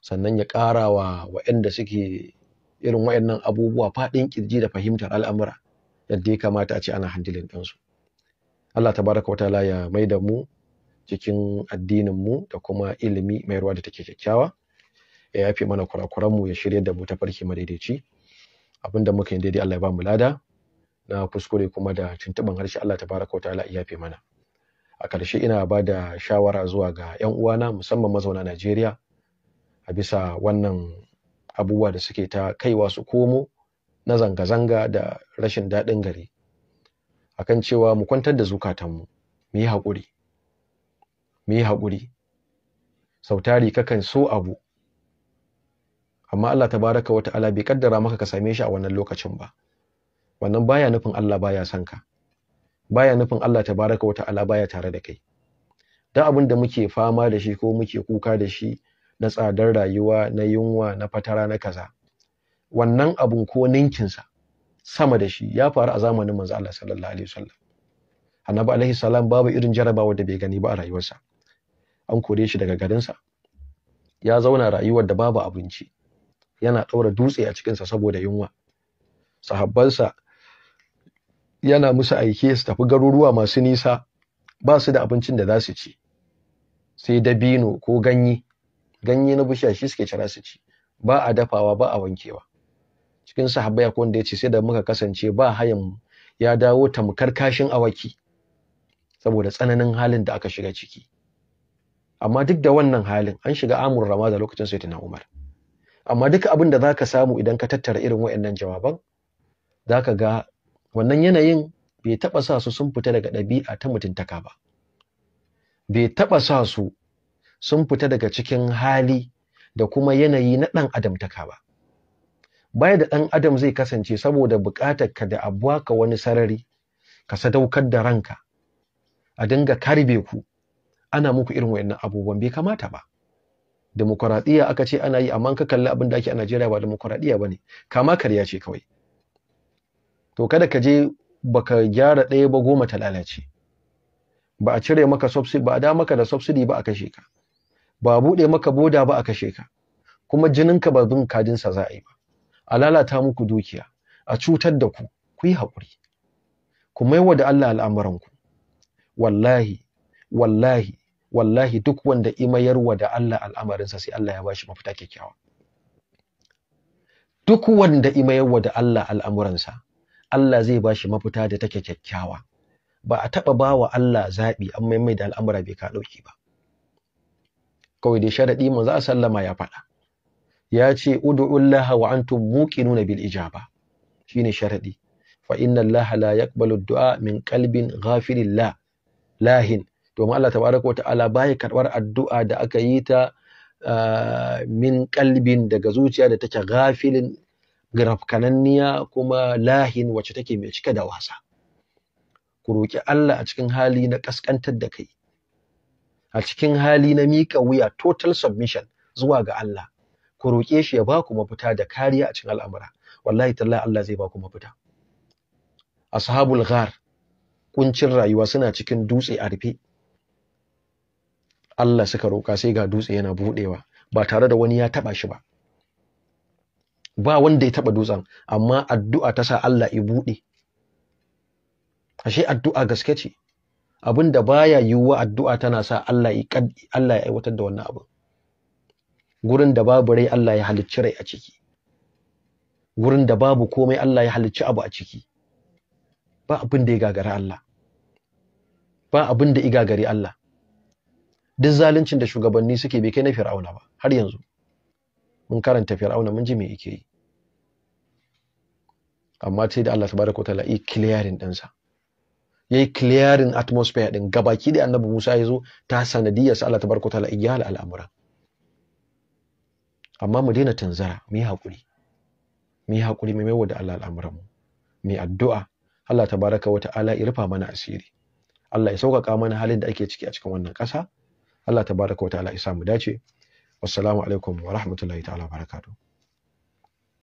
sannan ya ƙara wa waɗanda suke irin wayannan abubuwa faɗin kirji da fahimtar al'amura yadda ya kamata a ce ana handilin ɗinsu Allah tabaraka wa ta'ala ya mai da mu cikin addinin mu da kuma ilimi mai ruwa da take kyakkyawa ya yafe mana kurakuran mu ya shirya da mu ta farki madaidaici abinda muka yi daidai Allah ya ba mu lada na kuskure kuma da tuntuɓin harshe Allah tabaraka wa ta'ala ya yafe mana a ƙarshe ina ba da shawara zuwa ga 'yan uwana musamman mazauna Najeriya a bisa wannan abubuwa da suke ta kaiwa su komo na zanga-zanga da rashin daɗin gari akan cewa mu kwantar da zukatanmu mu yi haƙuri mu yi haƙuri sautari kakan so abu amma Allah ta baraka wa ta'ala bai kaddara maka ka same shi a wannan lokacin ba wannan baya nufin Allah baya son ka baya nufin Allah ta baraka wata ala baya tare da kai da abin da muke fama da shi ko muke kuka da shi na tsadar rayuwa na yunwa na fatara na kaza wannan abun ko ninkinsa sama da shi ya faru a zamanin manzo Allah sallallahu alaihi wasallam annabi alaihi salam babu irin jarabawa da bai gani ba a rayuwarsa an kore shi daga garinsa ya zauna rayuwar da babu abinci yana ɗaura dutse a cikinsa saboda yunwa sahabbansa yana musu aike su tafi garuruwa masu nisa ba su da abincin da za su ci sai dabino ko ganye ganye na bishiya shi suke cira su ci ba a dafawa ba a wankewa cikin sahabbai akwai wanda ya ce sai da muka kasance ba hayan ya dawo tamkar kashin awaki saboda tsananin halin da aka shiga ciki amma duk da wannan halin an shiga amur da lokacin tana umar amma duk abin da zaka samu idan ka tattara irin wayannan jawaban zaka ga wannan yanayin bai taba sa su sun fita daga ɗabi'a ta mutuntaka ba bai taɓa sa su sun fita daga cikin hali da kuma yanayi na ɗan ta ba baya da ɗan adam zai kasance saboda buƙatar ka da abuwa ka wani sarari ka sadaukar da ranka a dinga karbe ku ana muku irin wayannan abubuwan bai kamata ba demokuraɗiyya aka ce ana yi amma ka kalli abin da ake a Najeriya ba demokuraɗiyya ba ne kama karya ce kawai to kada ka je baka gyara ɗaya ba goma ta lalace ba a cire maka subsidy ba a da maka da subsidy ba a kashe ka ba buɗe maka boda ba a kashe ka kuma jinin ka ba bin kadinsa za a yi ba a lalata muku dukiya a cutar da ku ku yi haƙuri ku maiwa da Allah al'amuranku wallahi wallahi wallahi duk wanda imayarwa da Allah al'amarinsa sai Allah ya bashi mafita kyakkyawa duk wanda imayarwa da Allah al'amuransa Allah zai bashi mafita da take kyakkyawa ba a taɓa ba wa Allah zaɓi an mai da al'amura bai ka ɗauki ba kawai dai sharaɗi manzo sallama ya faɗa ya ce ud'ullaha wa antum muqinuna bil ijaba shine sharaɗi. fa inna laha la yaqbalu du'a min qalbin la lahin domin Allah tabaraka ta'ala, baya karbar addu'a da aka yi ta min ƙalbin daga zuciya da take gafilin rafkananniya kuma lahin wacce take mai cike da wasa ku roki Allah a cikin hali na kaskantar da kai a cikin hali na mika wuya total submission zuwa ga Allah ku roƙe shi ya ba ku mafita da kariya a cikin al'amura wallahi tallahi Allah zai ba ku mafita ashabul ghar kuncin rayuwa suna cikin dutse a rufe Allah suka roka sai ga dutse yana buɗewa ba tare da wani ya taba shi ba ba wanda ya taba dutsen amma addu'a ta sa Allah ya buɗe ashe addu'a gaske ce abin da baya yiwuwa addu'a tana sa Allah ya Allah ya aiwatar da wannan abin gurin da babu rai Allah ya halicci rai a ciki gurin da babu komai Allah ya halicci abu a ciki ba abin da ya gagari Allah ba abin da ya gagari Allah duk zaluncin da shugabanni suke bai kai na Fir'auna ba har yanzu mun karanta Fir'auna mun ji me yake yi amma sai da Allah tabaraka wa ta'ala i clearing ɗansa. ya yi clearing atmosphere din gabaki da annabi Musa ya zo ta sa Allah ta barko ta'ala al'amura amma mu daina tanzara mu yi hakuri mu yi haƙuri mu maiwa da Allah al'amuran mu mu yi addu'a Allah tabaraka wa ta'ala ya rufa mana asiri Allah ya sauƙaƙa mana halin da ake ciki a cikin wannan ƙasa Allah tabaraka wa ta'ala ya sa mu dace wassalamu alaikum wa rahmatullahi ta'ala wa barakatuh